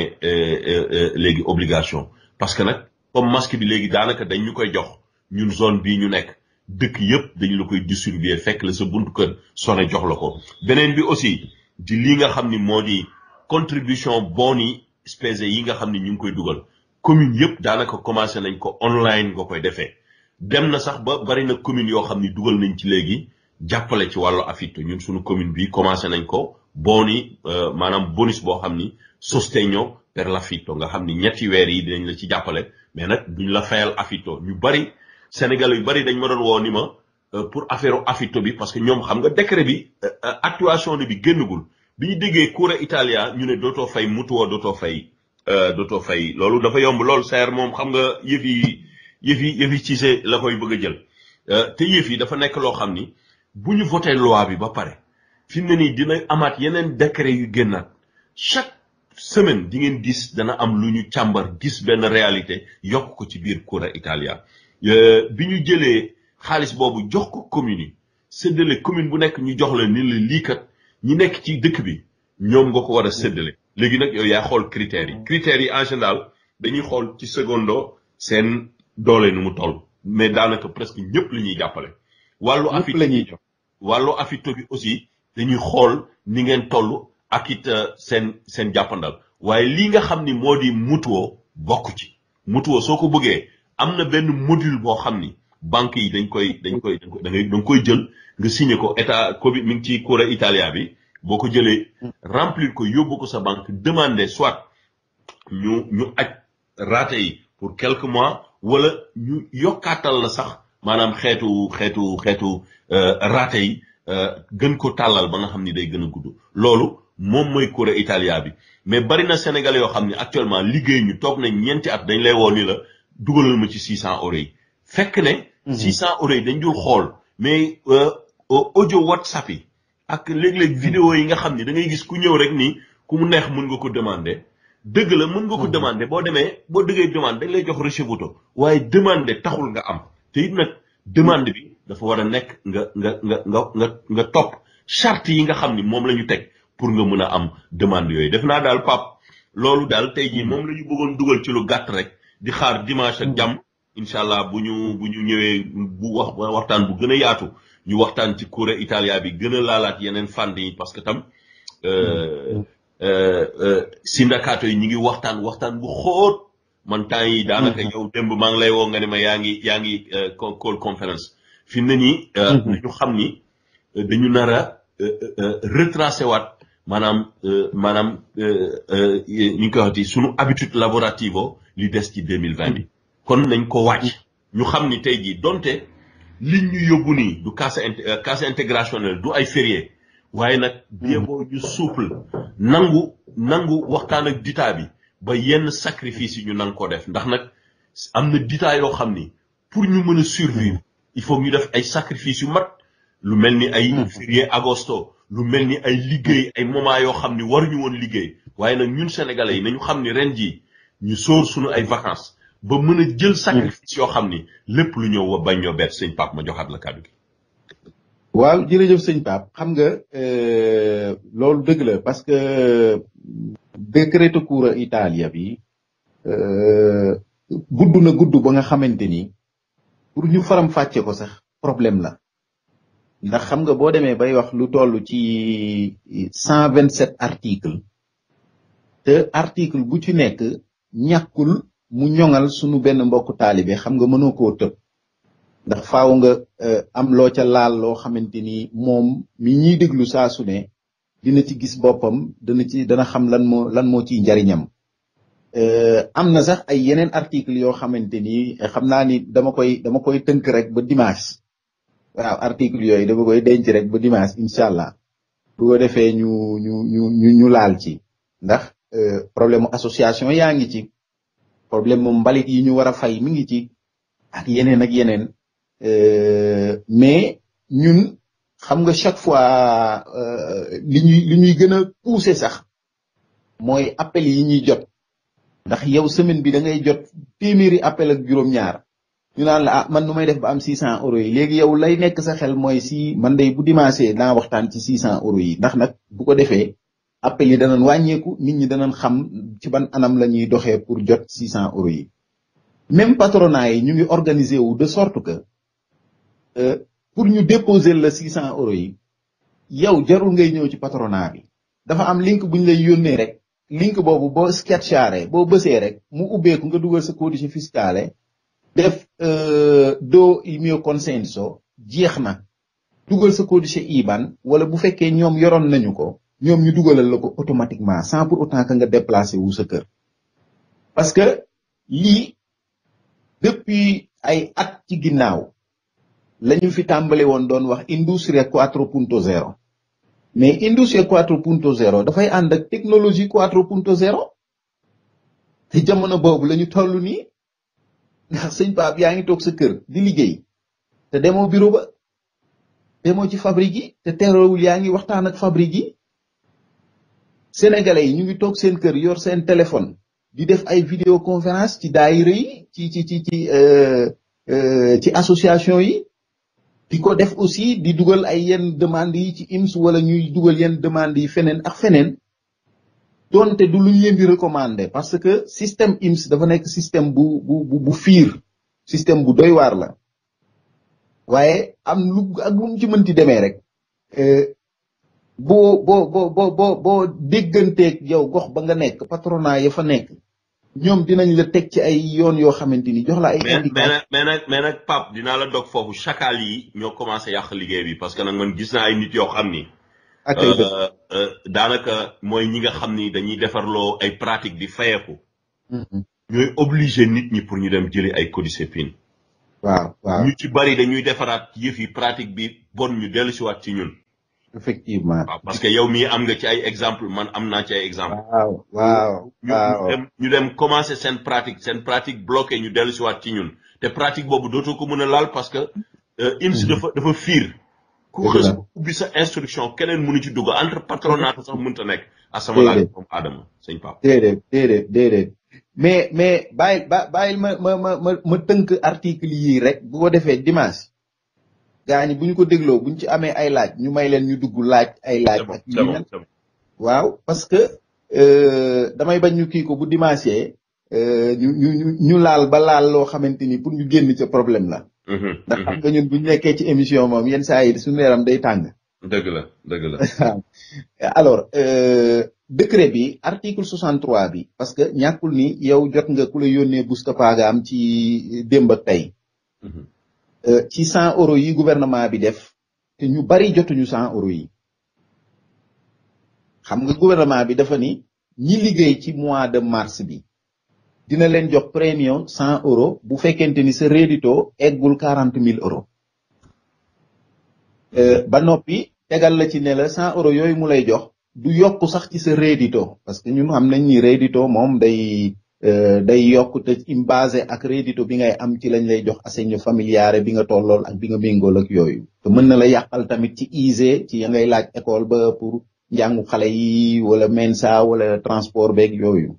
léegi obligation parce que nag comme masque bi léegi daanaka dañ ñu koy jox ñun zone bii ñu nekk dëkk yëpp dañu la koy distribuer fekk la sa buntu kër sone jox la ko. beneen bi aussi di li nga xam ni moo di contribution boo yi spese yi nga xam ni ñu ngi koy dugal commune yëpp daanaka commencé nañ ko online nga koy defee dem na sax ba bari na commune yoo xam ni dugal nañ ci léegi jàppale ci wàllu afito ñun suñu commune bi commencé nañ ko boni euh, maanaam bonus boo xam ni sostegno per l'affitto nga xam ni ñetti weer yi dinañ la ci jàppale. mais nak duñ la fayal afito ñu bari sénégalais yu bari dañ ma doon woo ni ma euh, pour affaire afito bi parce que ñoom xam nga décret bi euh, euh, actuation bi génnagul bi ñu déggee Cour Italia ñu ne dootoo fay mutuo dootoo fay dootoo fay loolu dafa yomb loolu seer moom xam nga yëf yi yëf yi yëf yi ciise la koy bëgg a jël te yëf yi dafa nekk loo xam ni bu ñu voté loi bi ba pare fi mu ne nii dina amaat yeneen décret yu génnaat chaque semaine di ngeen gis dana am lu ñu càmbar gis benn réalité yokk ko ci biir Cura Italia euh, bi ñu jëlee xaalis boobu jox ko commune yi séddale commune bu nekk ñu jox la ni la lii kat ñi nekk ci dëkk bi ñoom nga ko war a séddale léegi nag yow yaa xool critères yi mm-hmm. critères yi en général dañuy xool ci secondo seen doole nu mu toll mais daanaka presque ñëpp la ñuy jàppale wàllu affito wàllu affito bi aussi dañuy xool ni ngeen toll ak it euh, seen seen jàppandal waaye lii nga xam ni moo di mutuo bokk ci mutuo soo ko bëggee am na benn module boo xam ni banque yi dañ koy dañ koy dañ koy da nga koy jël nga signé ko état covid mi ngi ci cour italia bi boo ko jëlee remplir ko yóbbu ko sa banque demander soit ñu ñu aj raate yi pour quelque mois wala ñu yokkaatal la sax maanaam xeetu xeetu xeetu euh, raate yi euh, gën ko tàllal ba nga xam ni day gëna a loolu moom mooy Cura Italia bi mais bari na Sénégalais yoo xam ne actuellement liggéey ñu toog nañ ñeenti at dañ lay woo ni la dugalal ma ci 600 euros yi fekk ne. 600 mhm. euros yi dañ dul xool mais euh, audio WhatsApp yi ak léeg-léeg mhm. vidéo yi nga xam ni da ngay gis ku ñëw rek nii ku mu neex mën nga ko demander. dëgg la mën nga ko mhm. demander boo demee boo dëggee demande dañ lay jox reçu-voto waaye demander taxul nga am te it nag demande bi dafa war a nekk nga nga nga nga nga topp charte yi nga xam ni moom la ñu teg. pour nga mëna am demande yoy def pap lolu dal tay ji hmm. mom lañu bëggoon dugal ci lu gatt rek di xaar dimanche ak hmm. jam inshallah allah buñu ñëwé bu wax waxtaan bu gëna yaatu ñu waxtaan ci cour italia bi gëna lalat yenen yeneen yi parce que tam euh, hmm. euh, euh, sindakato yi ñi ngi waxtaan waxtaan bu xoot man tay yi daanaka yow demb ma ngi lay wo nga ne ma yaangi yaangi call conference. fi ni ñu xamni ni dañu nara retracer wat maanaam euh, ni euh, euh, euh, ñu koy waxati sunu habitude laborative li des ci 2020 mille bi kon nañ ko wàcc ñu xam ni tey jii donte ñu yóbbu nii du casse casse intégrationnel du ay férié waaye nag biyeboo ñu souple nangu nangu waxtaan ak ditaa bi ba yenn sacrifice yi ñu nang ko def ndax nag am na ditaa yoo xam ni pour ñu mën a survivre il faut ñu def ay sacrifice yu mat lu mel ni ay mm. férié agosto lu melni ni ay liggéey ay moment yoo xam ni waruñu woon liggéey waaye nag ñun sénégalais yi nañu xam ni ren jii ñu sóor suñu ay vacances ba mën a jël sacrifice yoo xam ni lépp lu ñëw bañ ñoo bett sëñ Pape ma joxaat la kàddu gi. waaw jërëjëf sëñ Pape xam nga euh, loolu dëgg la parce que euh, de cour Italia bi euh, gudd na gudd ba nga xamante ni pour ñu faram fàcce ko sax problème la. ndax xam nga boo demee bay wax lu toll ci cent vingt sept article te article bu ci nekk ñàkkul mu ñoŋal sunu benn mbokku taalibe xam nga mënoo koo tëb ndax faaw nga euh, am loo ca laal loo xamante ni moom mi ñuy déglu saa ne dina ci gis boppam dana ci dana xam lan moo lan moo ciy njariñam euh, am na sax ay yeneen article yoo xamante ni xam naa ni dama koy dama koy tënk rek ba dimanche waaw article yooyu dama koy denc rek ba dimanche incha allah bu ko defee ñu ñu ñu ñu ñu laal ci ndax euh, problème association yaa ngi ci problème mu mbalit yi ñu war a fay mi ngi ci ak yeneen ak yeneen euh, mais ñun xam nga chaque fois euh, li ñuy li ñuy gën a pousser sax mooy appel yi ñuy jot ndax yow semaine bi da ngay jot téeméeri appel ak juróom-ñaar ñu naan la ah man nu may def ba am 600 euros yi léegi yow lay nekk sa xel mooy si man day bu dimanche daa waxtaan ci 600 euros yi ndax nag bu ko defee appel yi danañ wàññeeku nit ñi danañ xam ci ban anam la ñuy doxee pour jot 600 euros yi même patronat yi ñu ngi organiser wu de sorte que euh, pour ñu déposer la 600 euros yi yow jarul ngay ñëw ci patronat bi dafa am link buñ ñu lay yónnee rek link boobu boo sketchaare boo bësee rek mu ubbeeku nga dugal sa codice fiscale def euh, do mio consenso jeex na dugal sa codice IBAN wala bu fekkee ñoom yoroon nañu ko ñoom ñu dugalal la ko automatiquement sans pour autant que nga déplacé wu sa kër parce que lii depuis ay at ci ginnaaw lañu fi tàmbali woon doon wax industrie 4.0 mais industrie 4.0 dafay ànd ak technologie 4.0 te jamono boobu lañu toll nii ndax sëñ Pape yaa ngi toog sa kër di liggéey te demoo bureau ba demoo ci fabrique yi te teeroowul yaa ngi waxtaan ak fabrique yi sénégalais yi ñu ngi toog seen kër yor seen téléphone di def ay vidéoconférence ci daayira yi ci ci ci ci euh, euh, ci association yi di ko def aussi di dugal ay yen demandes yi ci IMS wala ñuy dugal yenn demande yi feneen ax feneen donte du lu yëndi recommander parce que système IMS dafa nek système bu bu bu bu fiir système bu doy war la waaye am lu ak lu ci mënti démé rek bo bo bo bo bo boo ak yow gox ba nga nek patronat ya fa nek ñom dinañ la tek ci ay yoon yo xamanteni jox la ay mais nak mais nak pap dina la dog fofu chakal yi ñoo commencé yàq liggéey bi parce que nak man gis na ay nit yo xamni ak ay euh, euh, daanaka mooy ñi nga xam ni dañuy defarloo ay pratique bi fayeku. Mm-hmm. ñooy obligé nit ñi pour ñu dem jëli ay codicépine. waaw waaw ñu ci bari dañuy defaraat yëf yi pratique bi bon ñu dellu si ci ñun. effectivement parce que yow mii am nga ci ay exemple man am naa ci ay exemple waaw ñu dem ñu dem seen pratique seen pratique bloqué ñu dellusiwaat ci ñun te pratique boobu dootu ko mën laal parce que. Euh, IMS mm-hmm. dafa dafa fiir. ku xës ubbi sa instruction keneen mënu ci dugg entre patronat sax mënut a nekk. Ah, a laaj doomu aadama sëñ Pape. déedéet déedéet déedéet mais mais bàyyil ba bàyyil ma ma ma ma ma tënk article yii rek bu ko defee dimanche. gaañ bu ñu ko dégloo bu ci amee ay laaj ñu may leen ñu dugg laaj ay laaj. ak waaw parce que euh, damay bañ ñu kii ko bu dimanche euh, ñu ñu ñu laal ba laal loo xamante ni pour ñu génn ca problème la. Mhm, ndax mhm. xam nga ñun bu ñu nekkee ci émission moom yenn saa su suñu yaram day tàng. dëgg la dëgg la. <laughs> alors euh, décret bi article 63 bi parce que ñàkkul ni yow jot nga ku la yónnee busta paagaam ci démb ak tey. Mhm. Euh, ci 100 euros yi gouvernement bi def te ñu bari jotuñu 100 euro yi. xam nga gouvernement bi dafa ni ñi liggéey ci mois de mars bi. dina leen jox premium cent euros bu fekkente ni sa reddito eggul quarante mille euros euh, ba noppi tegal la ci ne la cent euros yooyu mu lay jox du yokk sax ci sa reddito parce que ñun xam nañ ni reddito moom day euh, day yokk te im basé ak reddito bi ngay am ci lañ lay jox assegno familiare bi nga tollool ak bi nga méngool ak yooyu te mën na la yàqal tamit ci ISE ci ya ngay laaj école ba pour njàngu xale yi wala mensa wala transport beeg yooyu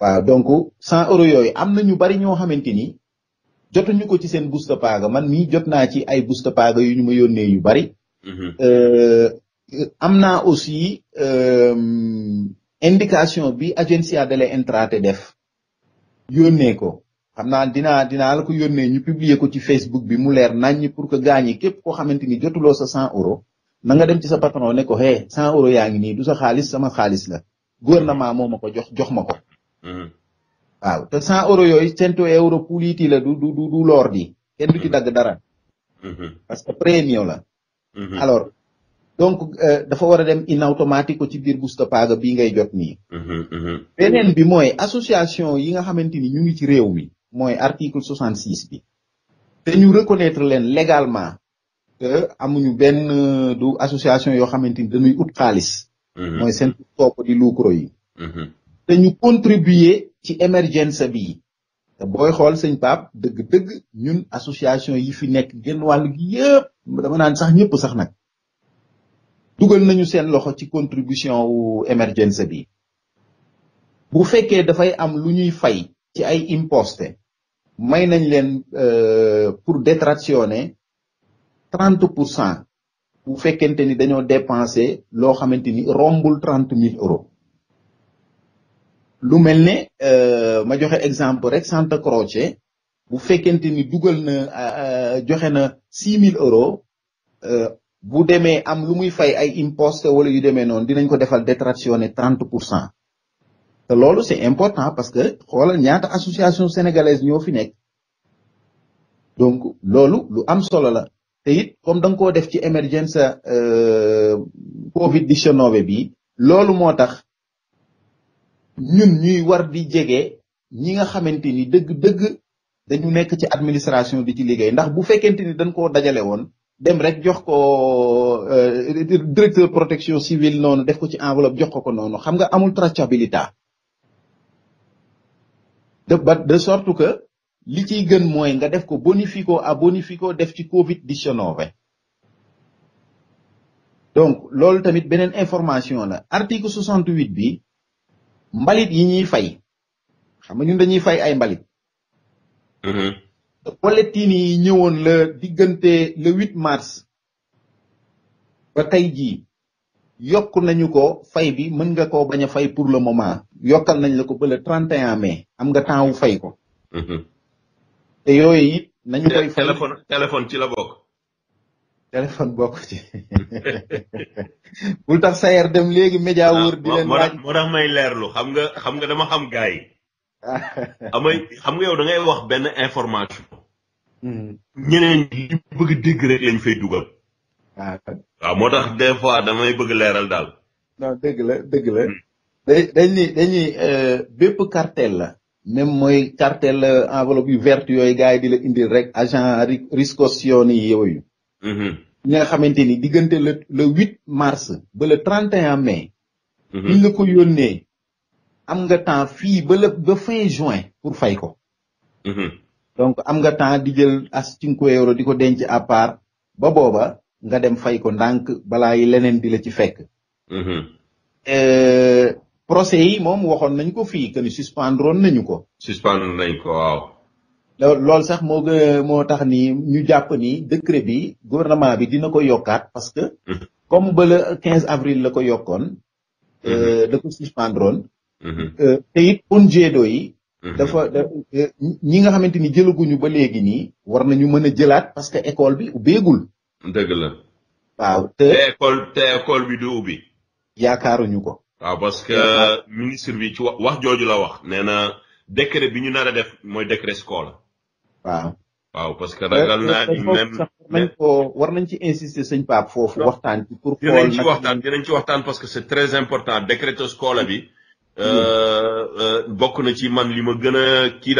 waaw donc cent euro yooyu am na ñu bari ñoo xamante ni jotuñu ko ci seen busta paaga man mii jot naa ci ay busta paaga yu ñu ma yónnee yu bari. Mhm. Euh, am naa aussi euh, indication bi Agenzia delle Entrate def yónnee ko xam naa dina dinaa la ko yónnee ñu publier ko ci Facebook bi mu leer naññ pour que gaañi képp koo xamante ni jotuloo sa cent euro na nga dem ci sa patron ne ko hey cent euros yaa ngi du sa xaalis sama xaalis la gouvernement moo ma ko jox jox ma ko. Mm-hmm. waaw te cent euro yooyu cento euro puliiti la du du du loor di kenn du ci mm-hmm. dagg dara mm-hmm. parce que premium la alors donc euh, dafa war a dem in automatique ko ci biir busta paga bii ngay jot nii beneen bi mooy association yi nga xamante ni ñu ngi ci réew mi mooy article soixante six bi te ñu reconnaître leen légalement que amuñu benn du association yoo xamante ni dañuy ut xaalis mooy seen topp di lucro yi te ñu contribuer ci émergence bi te booy xool sëñ paap dëgg-dëgg ñun association yi fi nekk genn wàll gi yëpp dama naan sax ñëpp sax nag dugal nañu seen loxo ci contribution wu émergence bi bu fekkee dafay am lu ñuy fay ci ay imposté may nañ leen euh, pour détractionner trente pour cent bu fekkente ni dañoo dépensé loo xamante ni rombul trente mille euros lu mel ne euh, ma joxe exemple rek Santa Croce bu fekkente ni dugal na euh, joxe na six mille euros euh, bu demee am lu muy fay ay imposte wala yu demee noonu dinañ ko defal détractionné trente pour cent te loolu c'est important parce que xoolal ñaata association sénégalaise ñoo fi nekk donc loolu lu am solo la te it comme da nga koo def ci émergence Covid 19 bi loolu moo tax. ñun ñuy war di jege ñi nga xamante ni dëgg-dëgg dañu nekk ci administration bi ci liggéey ndax bu fekkente ni dañ koo dajale woon dem rek jox ko euh, directeur protection civile noonu def ko ci enveloppe jox ko ko noonu xam nga amul traçabilité de ba de sorte que li ciy gën mooy nga def ko bonifico à bonifico def ci Covid 19. donc loolu tamit beneen information la article 68 bi. mbalit yi ñuy fay xam nga ñun dañuy fay ay mbalit. Mm-hmm. boletin yi ñëwoon la diggante le 8 mars ba tey jii yokk nañu ko fay bi mën nga ko bañ fay pour le moment yokkal nañ la ko ba le 31 mais am nga temps fay ko. Mm-hmm. te yooyu it nañu koy fay téléphone ci la bokk. téléphone bokku ci bu tax sayer dem léegi média wour di len wax mo tax may leerlu xam nga xam nga dama xam gaay amay xam nga yow da ngay wax ben information ñeneen li bëgg dégg rek lañ fay duggal wa moo tax des fois damay bëgg leral dal non dégg la dégg la dañ ni dañuy dañuy bép cartel la même moy cartel enveloppe yu verte yoy gaay di la indi rek agent riscosion yi yooyu ñi nga xamante ni diggante la le huit mars ba le trente et un mai. Mhm. la ko yónnee am nga temps fii ba ba fin juin pour fay ko. Mhm. donc am nga temps di jël as cinco euro di ko denc à part ba booba nga dem fay ko ndànk balaa yi leneen di la ci fekk. Mhm. Euh, procès yi moom waxoon nañ ko fii que ni nañu ko. suspendre nañ ko waaw. lool sax mo mo tax ni ñu japp ni décret bi gouvernement bi dina ko yokkat parce que mm-hmm. comme ba le 15 avril la ko mm-hmm. euh da ko suspendre mm-hmm. euh te it onjeedo yi dafa euh, ñi nga xamanteni jëlugu ñu ba légui ni war nañu mëna jëlat parce que école bi ubégul deug la waaw te école te école bi do ubi yaakaaruñu ñuko waaw parce que ministre bi ci wax joju la wax néna décret bi ñu nara def moy décret scolaire waaw waaw parce que ragal naa ni même sax ko war nañ ci insister sëñ Pape foofu waxtaan ci pour dinañ ci waxtaan dinañ ci waxtaan parce que c'est très important scola bi hmm. euh, euh, na ci man lima ma gën a kii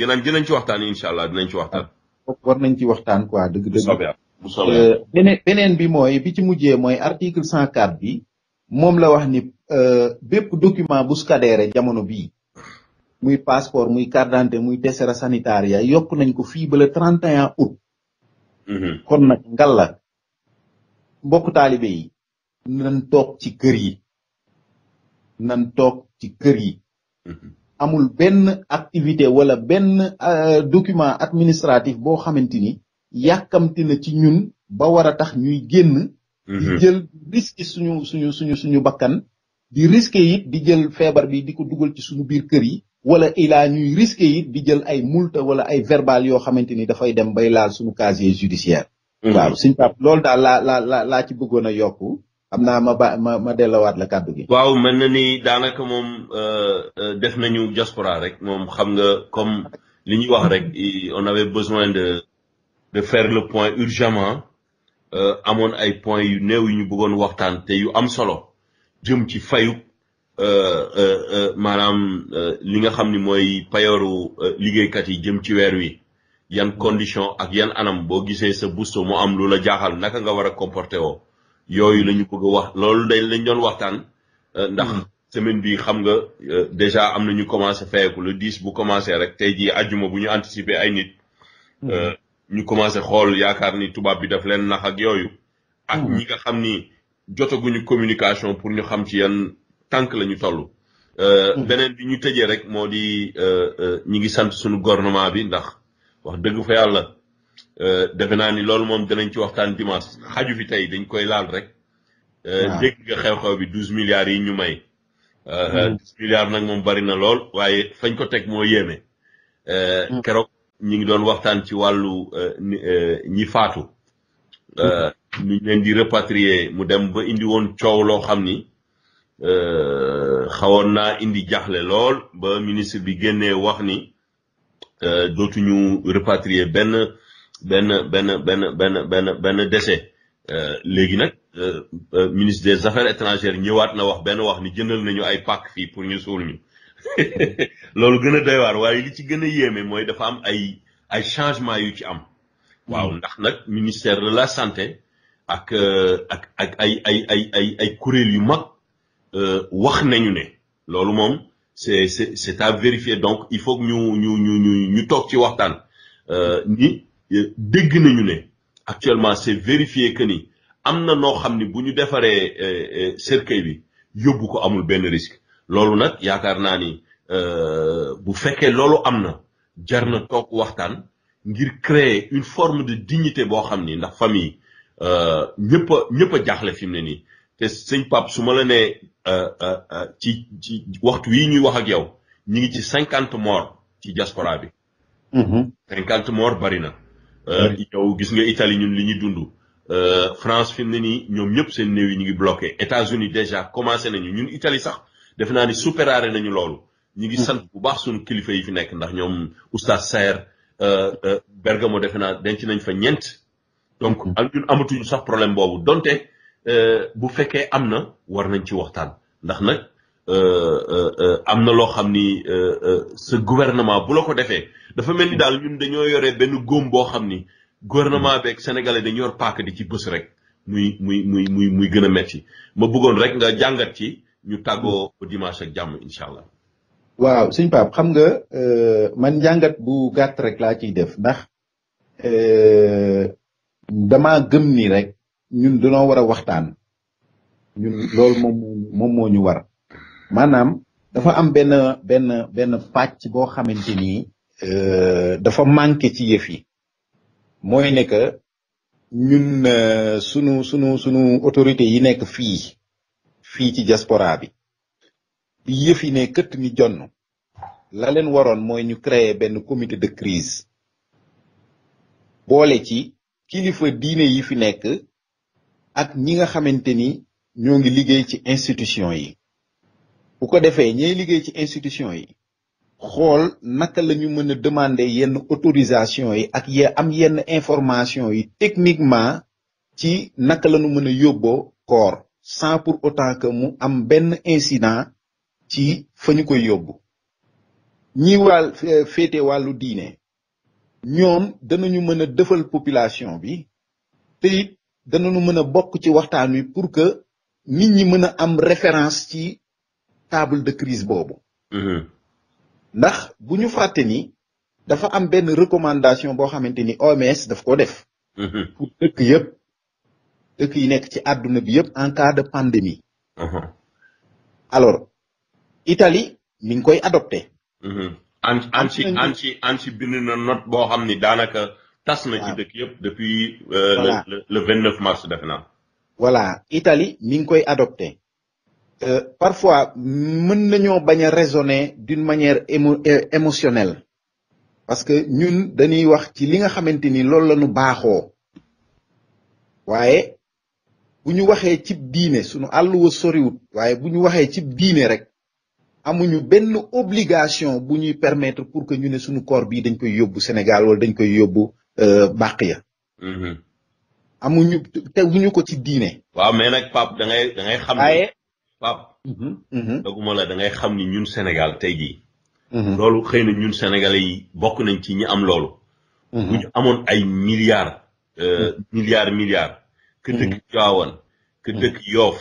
dinañ dinañ ci waxtaan allah dinañ ci waxtaan ah, war nañ ci waxtaan quoi dëgg dëgg euh, beneen bi mooy bi ci mujjee mooy article bi la wax ni document bu jamono muy passeport muy carte d'identité muy desera sanitaria yokku nañ ko fi ba le 31 août kon mm-hmm. nak ngal la mbokk talibé yi nan tok ci kër yi nan tok ci kër yi mm-hmm. amul ben activité wala ben eh, document administratif bo xamanteni yakamti na ci ñun ba wara tax ñuy genn di mm-hmm. jël risque suñu suñu suñu suñu bakkan di risque yi di jël fièvre bi di ko dugal ci suñu biir kër yi wala ilaa ñuy risqué yi di jël ay multa wala ay verbal yoo xamante ni dafay dem bay laal suñu casier judiciaire hmm. waaw suñ pap loolu daal laa laa laa laa ci bëggoon a yokku xam naa ma ba ma ma dellawaat la kàddu gi waaw mel na ni daanaka moom euh, euh, def nañu diaspora rek moom xam nga comme li ñuy wax rek on avait besoin de de faire le point urgemment euh, amoon ay points yu néew yu ñu bëggoon waxtaan te yu am solo jëm ci fayub Euh, euh, euh, maanaam li nga xam ni mooy payooru kat yi jëm ci wër wi yan condition ak yan anam bo gisé sa busto mo am lula jaxal naka nga wara a comporté woo yooyu la bëgg wax loolu day lañ doon waxtaan ndax hmm. semaine bi xam nga déjà am nañu commencé fayeku le 10 bu commencé rek tay ji aljuma bu ñu anticiper ay nit hmm. ñu commencé xol yaakar ni tuba bi daf leen nax ak yoyu ak hmm. ñi nga xamni jotaguñu communication pour ñu xam ci yan tànk la ñu toll. Euh, mmh. beneen bi ñu tëjee rek moo di euh, euh, ñi ngi sant sunu gouvernement bi ndax wax dëgg fa yàlla defe naa ni loolu moom danañ ci waxtaan dimanche xaju fi tey dañ koy laal rek. dégg nga xew-xew bi douze milliards yi ñu may. Mmh. douze milliards nag moom bari na lool waaye fañ ko teg moo yéeme. Mmh. keroog ñu ngi doon waxtaan ci wàllu ñi faatu. ñu leen di rapatrier mu dem ba indi woon coow loo xam ni. Euh, xawoon naa indi jaxle lool ba ministre bi génnee wax ni euh, dootuñu rapatrier benn benn benn benn benn benn benn décès euh, léegi nag ministre des affaires étrangères ñëwaat na wax benn wax ni jëndal nañu ay pàkk fii pour ñu suul ñu <laughs> loolu gën a doy waaye li ci gën a yéeme mooy dafa am ay ay changement yu ci am waaw hmm. ndax nag ministère de la santé ak ak ak ay ay ay ay ay kuréel yu mag Euh, wax nañu ne loolu moom c'est c'est c'est à vérifier donc il faut que ñu ñu ñu ñu ñu toog ci waxtaan euh, ni euh, dégg nañu ne actuellement c'est vérifié que ni am na noo xam ni bu ñu defaree cercueil bi yóbbu ko amul benn risque loolu nag yaakaar naa ni bu fekkee loolu am na jar na toog waxtaan ngir créer une forme de dignité boo xam ni ndax famille ñëpp a ñëpp a jaaxle fi mu ne nii te sëñ su ma la nee Euh, euh, euh, ci ci waxtu wii ñuy wax ak yow ñu ngi ci cinquante morts ci diaspora bi. Mm-hmm. cinquante morts bari na. yow gis nga Italie ñun li ñuy dund. France fi mu ne ñoom ñëpp seen néew yi ñu ngi bloqué États-Unis déjà commencé nañu ñun Italie sax defe naa ni supérare nañu loolu. ñu ngi sant bu baax suñu kilifa yi fi nekk ndax ñoom oustaz Saer Bergamo defe naa denc nañ fa ñeent. donc mm-hmm. ak amatuñu sax problème boobu donte. Euh, bu fekkee am na war nañ ci waxtaan ndax nag euh, euh, am na loo xam ni sa gouvernement bu la ko defee dafa mel ni daal ñun dañoo yore benn góom boo xam ni gouvernement beeg sénégalais dañu yor paak di ci bës rek muy muy muy muy muy gën a metti ma bëggoon rek nga jàngat ci ñu tàggoo ba dimanche ak jàmm incha allah. waaw sëñ Pape xam nga man jàngat bu gàtt rek laa ciy def ndax damaa gëm ni rek. ñun dañoo war a waxtaan ñun loolu moom moo ñu war maanaam dafa am benn benn benn pàcc boo xamante ni euh, dafa manqué ci yëf mooy ne que ñun euh, sunu sunu sunu autorité yi nekk fii fii ci diaspora bi yëf yi ne këtt ni jonn la leen waroon mooy ñu créer benn comité de crise boole ci kilifa diine yi fi nekk ak ñi nga xamante ni ñoo ngi liggéey ci institution yi bu ko defee ñay liggéey ci institution yi xool naka lañu ñu mën a demander yenn autorisation yi ak ye am yenn information yi techniquement ci naka lañu ñu mën a yóbboo koor sans pour autant que mu am benn incident ci fa ñu koy yóbbu ñi wàll féete wàllu diine ñoom danañu mën a defal population bi te danañu mëna bok ci waxtaan wi pour que nit ñi mëna am référence ci table de crise boobu mm-hmm. ndax buñu faté ni dafa am benn recommandation boo xamante ni OMS daf ko def mm-hmm. pour dëkk yëpp dëkk yi nekk ci àdduna bi yëpp en cas de pandémie uh-huh. alors Italie mi ngi koy adopté mm-hmm. an an ci an ci an bind na note boo xam ni daanaka tas na ci dëkk yëpp depuis. Euh, le 29 mars defe voilà Italie mi ngi koy adopté. Euh, parfois mën nañoo bañ a raisonner d'une manière émo euh, émotionnelle. parce que ñun dañuy wax ci li nga xamante ni loolu la ñu baaxoo. waaye bu ñu waxee cib diine sunu àll wa soriwut. waaye bu ñu waxee cib diine rek. amuñu benn obligation bu ñuy permettre pour que ñu ne suñu corps bii dañ koy yóbbu Sénégal wala dañ koy yóbbu Euh, bàq ya. Mhm. amuñu teguñu ko ci diine. waaw mais nag Pape da ngay da ngay mhm. mhm. dangay xam ni ñun Sénégal tey jii. loolu xëy na ñun sénégalais yi bokk nañ ci ñi am loolu. bu ñu amoon ay milliards. Euh, milliards milliards. que dëkk Tivaouane. que dëkk Yoff.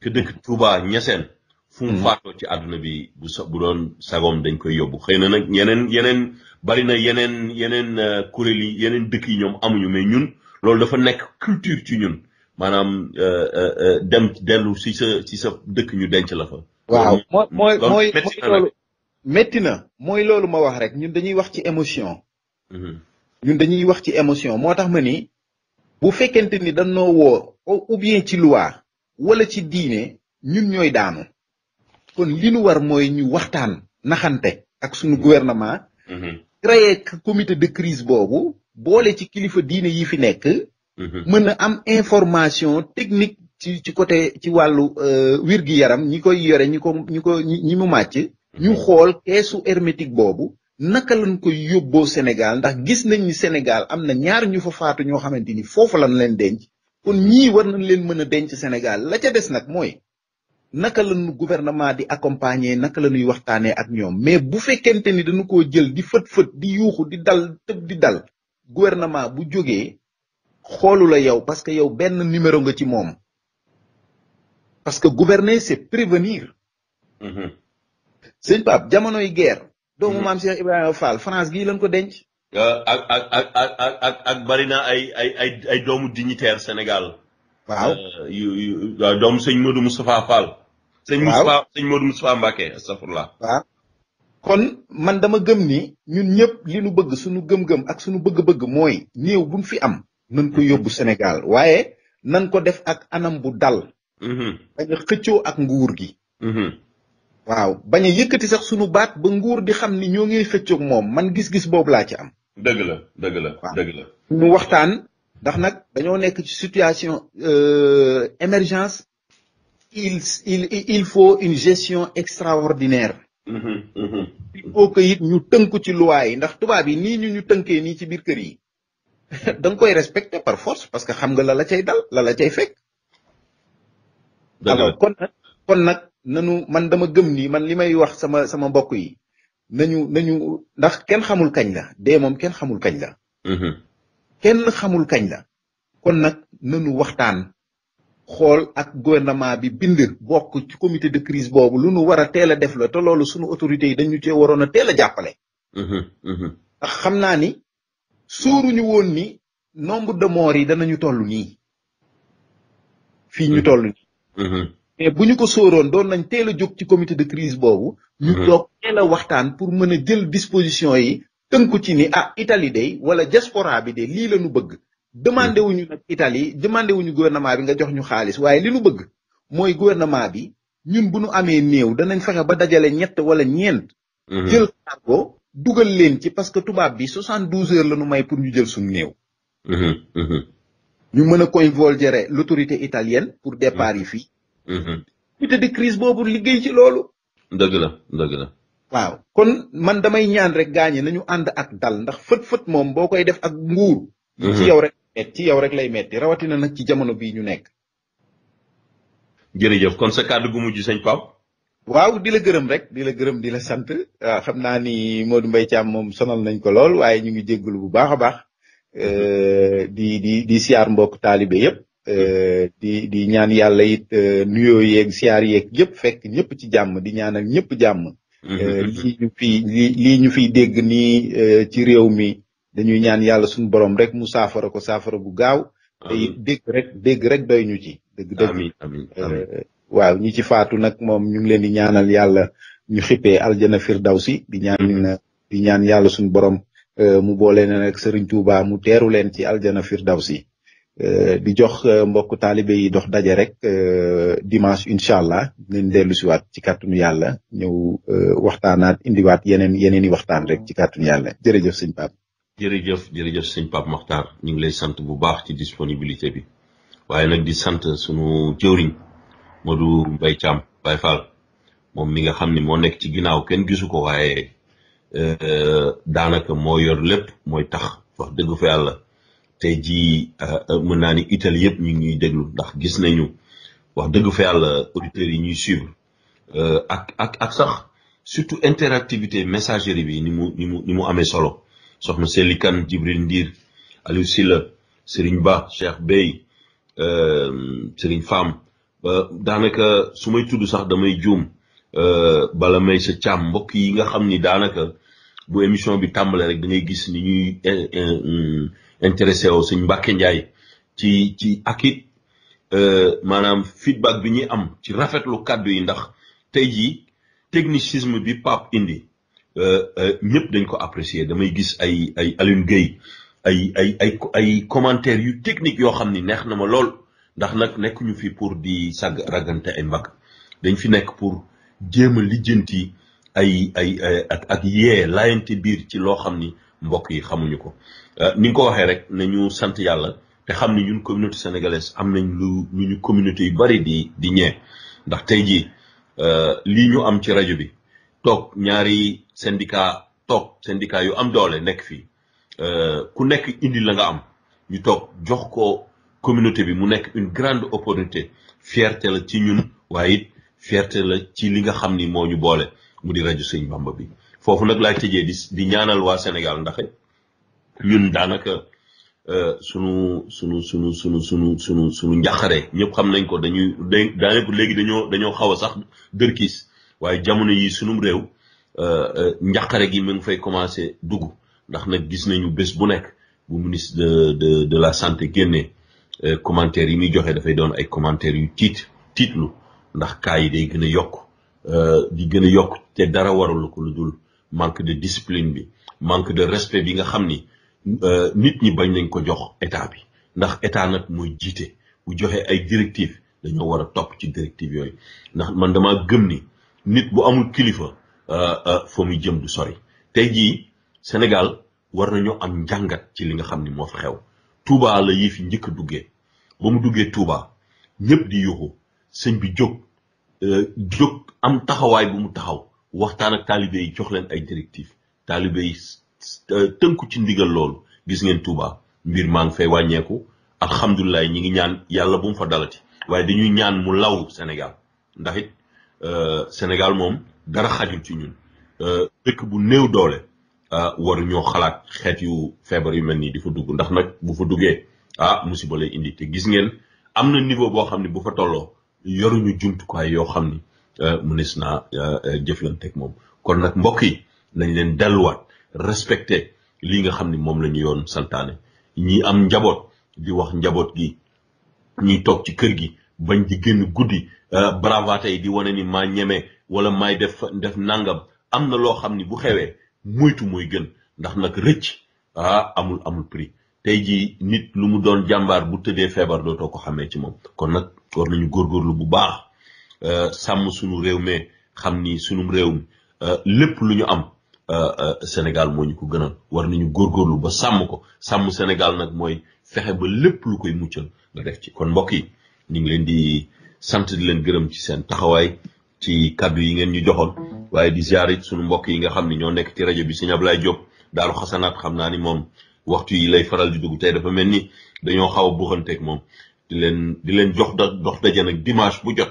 que dëkk Touba Niassène. fu mu ci àdduna bi bu sa bu dañ koy yóbbu xëy na nag yeneen yeneen. bari na yeneen yeneen uh, kuréel yi yeneen dëkk yi ñoom amuñu mais ñun loolu dafa nekk culture ci ñun maanaam uh, uh, dem dellu si sa si sa dëkk ñu denc la fa. waaw mooy mooy mooy loolu métti na mooy loolu ma wax rek ñun dañuy wax ci émotion. Mm-hmm. ñun dañuy wax ci émotion moo tax ma ni bu fekkente ni dañoo woo ou bien ci loi wala ci diine ñun ñooy daanu kon li nu war mooy ñu waxtaan naxante ak suñu mm-hmm. gouvernement. Mm-hmm. créer comité de crise boobu boole ci kilifa diine yi fi nekk. Mhm. mën a am information technique ci ci côté ci wàllu euh, wér gi yaram ñi koy yore ñi ko ñi ko ñi mu màcc. ñu mhm. xool keesu hermétique boobu. naka lañ koy yóbboo Sénégal ndax gis nañ ni Sénégal am na ñaar ñu fa faatu ñoo xamante ni foofu lan leen denc kon ñii war nañ leen mën a denc Sénégal la ca des nag mooy. naka la nu gouvernement di accompagner naka la ñuy waxtane ak ñom mais bu fekkente ni dañu ko jël di feut feut di yuuxu di dal tëb di dal gouvernement bu joggé xolu la yow parce que yow ben numéro nga ci mom parce que gouverner c'est prévenir -hmm. seigne pap jamono yi guerre do doomu mam mm-hmm. Cheikh ibrahim Fall France gi lañ ko denc euh, ak ak ak ak ak ak ay ay ay ay doomu dignitaire Sénégal waaw euh, yu yu doomu seigne Modou Moustapha Fall sëñ Moustapha sëñ Modou Moustapha Mbacké astafurlah waaw kon man dama gëm ni ñun ñëpp li nu bëgg suñu gëm-gëm ak suñu bëgg-bëgg mooy néew buñ fi am nañ ko yóbbu Sénégal waaye nan ko def ak anam bu dal mhm. bañ a xëccoo ak nguur gi mhm. waaw bañ yëkkati sax suñu baat ba nguur di xam ni ñoo ngiy xëccook moom man gis-gis boobu laa ci am dëgg la dëgg la dëgg la ñu waxtaan ndax nag dañoo nekk ci situation euh, émergence il, il, il faut une gestion extraordinaire. Mm-hmm, mm-hmm. il faut que nous ñu tënku ci loi yi ndax tubaab yi nii ñu ñu tënkee nii ci biir kër yi <laughs> da koy respecter par force parce que xam nga la la cay dal la la cay fekk. alors kon nag kon nag nanu man dama gëm man limay wax sama sama mbokk yi nañu nañu ndax kenn xamul kañ la dé mom kenn xamul kañ la. Mm-hmm. kenn xamul kañ la kon nak nanu waxtaan. xool ak gouvernement bi bind bokk ci commité de crise boobu lu nu war a teel a def la te loolu suñu autorités yi dañu cee waroon a teel a jàppale mhm, mhm. ndax xam naa ni sóoruñu woon ni nombre de morts yi danañu toll nii fii ñu mhm. toll nii mais bu ñu ko sooroon doon nañ teel a jóg ci commité de crise boobu ñu doog teel waxtaan pour mën a jël disposition yi tënku ci ni ah Italie day wala diaspora bi de lii la ñu bëgg demandé wuñu nak Italie demandé wuñu gouvernement bi nga jox ñu xaaliss waye li ñu bëgg moy gouvernement bi ñun bu nu amee néew danañ fexé ba dajalé ñett wala ñent mhm. jël cargo duggal leen ci parce que tubab bi 72 heures la ñu may pour ñu jël suñu néew mhm, mhm. ñu mëna koy convolgere l' autorité italienne pour départ yi fi comité de crise bobu liggéey ci lolu deug la deug la waaw kon man damay ñaan rek gañé nañu and ak dal ndax feut feut mom boo def ak nguur ci yow rek ci yow rek lay metti rawatina nag ci jamono bii ñu nekk. jërëjëf kon sa kàddu gu mujj sëñ Pape. waaw di la gërëm rek di la gërëm di la sant ah, xam naa ni Modou Mbaye Thiam moom sonal nañ ko lool waaye ñu ngi jéggul bu baax a baax. Mm-hmm. Eh, di di di siyaar mbokk taalibe yëpp. Eh, mm-hmm. di di ñaan yàlla it eh, nuyo yeeg siyaar yeeg yëpp fekk ñëpp ci jàmm di ñaanal ñëpp jàmm. Mm-hmm. lii ñu fi dégg nii ci réew mi. dañuy ñaan yàlla suñu borom rek mu saafara ko saafara bu gaaw. te dégg rek dégg rek doy ñu ci. dëgg dëgg euh, waaw ñi ci faatu nag moom ñu ngi leen di ñaanal yàlla ñu xippee aljana firdawsi di ñaan di ñaan yàlla suñu borom euh, mu boole na nag Serigne Touba mu teeru leen ci aljana firdawsi euh, di jox mbokk taalibe yi dox daje rek dimanche incha allah dinañ dellu siwaat ci kàttanu yàlla ñëw waxtaanaat indiwaat yeneen yeneen i waxtaan rek ci kàttanu yàlla jërëjëf sëñ Pape. jërëjëf jërëjëf sëñ Pape Makhtar ñu ngi lay sant bu baax ci disponibilité bi waaye nag di sant sunu jëwriñ Modou Mbaye Thiam Baye Fall moom mi nga xam ni moo nekk ci ginnaaw kenn gisu ko waaye euh, daanaka moo yor lépp mooy tax wax dëgg fa àlla tey jii euh, mën naa ni Italie yëpp ñu ngi ñuy déglu ndax gis nañu wax dëgg fa àlla auditeurs yi ñuy suivre euh, ak ak ak sax surtout interactivité messagerie bi ni mu ni mu ni mu amee solo. soxna Seli Kane Jibril Ndiir Aliou Silla Serigne Ba Cheikh Bey euh, Serigne Fam daanaka su may tudd sax damay juum euh, bala may sa càmm mbokk yi nga xam ni daanaka bu émission bi tàmbale rek da gis ni ñuy euh, intéressé woo sëñ Mbacke Ndiaye ci ci ak it maanaam feedback bi ñuy am ci rafetlu kàddu yi ndax tey jii technicisme bi Pape indi. Euh, euh, ñëpp dañ ko apprécier damay gis ay ay Alioune Gueye ay ay ay ay yu technique yoo xam ni neex na ma lool ndax nag nekkuñu ñu fi pour di sàgg ragante ay mbagg dañ fi nekk pour jéem a lijjanti ay ay ak ak yee laayante biir ci loo xam ni mbokk yi xamuñu ko euh, ni ko waxee rek nañu sant yàlla te xam ni ñun communauté sénégalaise am nañ lu ñu ñu communauté yu bari di di ñee ndax tey jii lii ñu am ci rajo bi toog ñaari syndicat toog syndicat yu am doole nekk fii euh, ku nekk indi la nga am ñu toog jox ko communauté bi mu nekk une grande opportunité fierté la ci ñun waaye it fierté la ci li nga xam ni moo ñu boole mu di rajo Sëñ Bamba bi foofu nag laay tëjee di di ñaanal waa Sénégal ndax ñun daanaka euh, sunu sunu sunu sunu sunu sunu sunu njaxare ñëpp xam nañ ko dañuy daanaka léegi dañoo dañoo xaw a sax dërkiis waaye jamono yi sunum réew Euh, euh, njàqare gi mi ngi fay commencé dugg ndax nag gis nañu bés bu nekk bu ministre de de de la santé génne euh, commentaires yi muy joxe dafay doon ay commentaires yu tiit tiitlu ndax cas yi day gën a yokk di gën a yokk te dara warul ko lu dul manque de discipline bi manque de respect bi nga xam ni nit ñi bañ nañ ko jox état bi ndax état nag mooy jiite bu joxe ay directives dañoo war a topp ci directive yooyu ndax man dama gëm ni nit bu amul kilifa. Euh, euh, fa muy jëm du sori tey jii Sénégal war nañoo am njàngat ci li nga xam ni moo fa xew Touba la yii fi njëkk a duggee ba mu duggee Touba ñëpp di yuuxu sëñ bi jóg euh, jóg am taxawaay bu mu taxaw waxtaan ak taalibe yi jox leen ay directive taalibe yi tënku ci ndigal loolu gis ngeen tuuba mbir maa ngi fay wàññeeku alhamdulilah ñi ngi ñaan yàlla bu mu fa dalati waaye dañuy ñaan mu law Sénégal ndax it Sénégal moom dara xaju ci ñun euh, dekk bu neew doole euh, waru ñoo xalaat xet yu febrar yu melni difa di dugg ndax nak bu fa duggé ah musiba lay indi te gis ngeen amna niveau bo xamni bu fa tolloo yoruñu jumtukaay yoo xam ni euh, mënees jëflante ak mom kon nak mbokk yi nañ leen delluwaat respecté li nga xamni mom lañu yoon santane ñi am njabot di wax njabot gi ñi tok ci kër gi bañ di génn guddi bravaate yi di wone ni ma ñëmé wala may def def nangam am na loo xam ni bu xewee moytu mooy gën ndax nag rëcc ah amul amul prix tey jii nit lu mu doon jàmbaar bu tëddee feebar doo dootoo ko xamee ci moom kon nag war nañu góorgóorlu bu baax euh, sàmm sunu réew mi xam ni sunum réew mi euh, lépp lu ñu am euh, Sénégal moo ñu ko gënal war nañu góorgóorlu ba sàmm ko sàmm Sénégal nag mooy fexe ba lépp lu koy muccal nga def ci kon mbokk yi ñu ngi leen di sant di leen gërëm ci seen taxawaay ci kaddu yi ngeen ñu joxoon waaye di ziare suñu mbokk yi nga xam ne ñoo nekk ci rajo bi sëñ Ablaye Diop daaru xasanaat xam naa ni moom waxtu yi lay faral di dugg tey dafa mel ni dañoo xaw a buuxanteeg moom di leen di leen jox da dox daje nag dimanche bu jot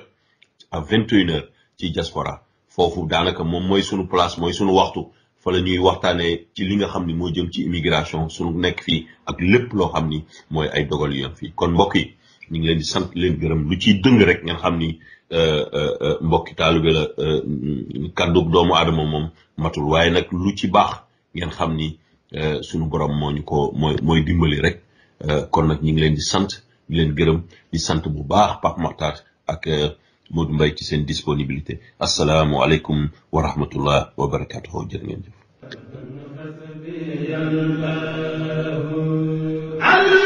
a vingt et ci diaspora foofu daanaka moom mooy sunu place mooy sunu waxtu fa la ñuy waxtaanee ci li nga xam ni moo jëm ci immigration sunu nekk fii ak lépp loo xam ni mooy ay dogal yu fii kon mbokk yi ñu ngi leen di sant leen gërëm lu ciy dëng rek ngeen xam ni Eh, eh, eh, mbokki taalibe la mm, kàddug doomu aadama moom matul waaye nag lu ci baax ngeen xam ni sunu borom moo ko mooy dimbali rek kon nag ñu ngi leen di sant di leen gërëm di sant bu baax Pape Makhtar ak Modou Mbaye ci seen disponibilité asalaamualeykum wa rahmatullah wa barakatuhu jërë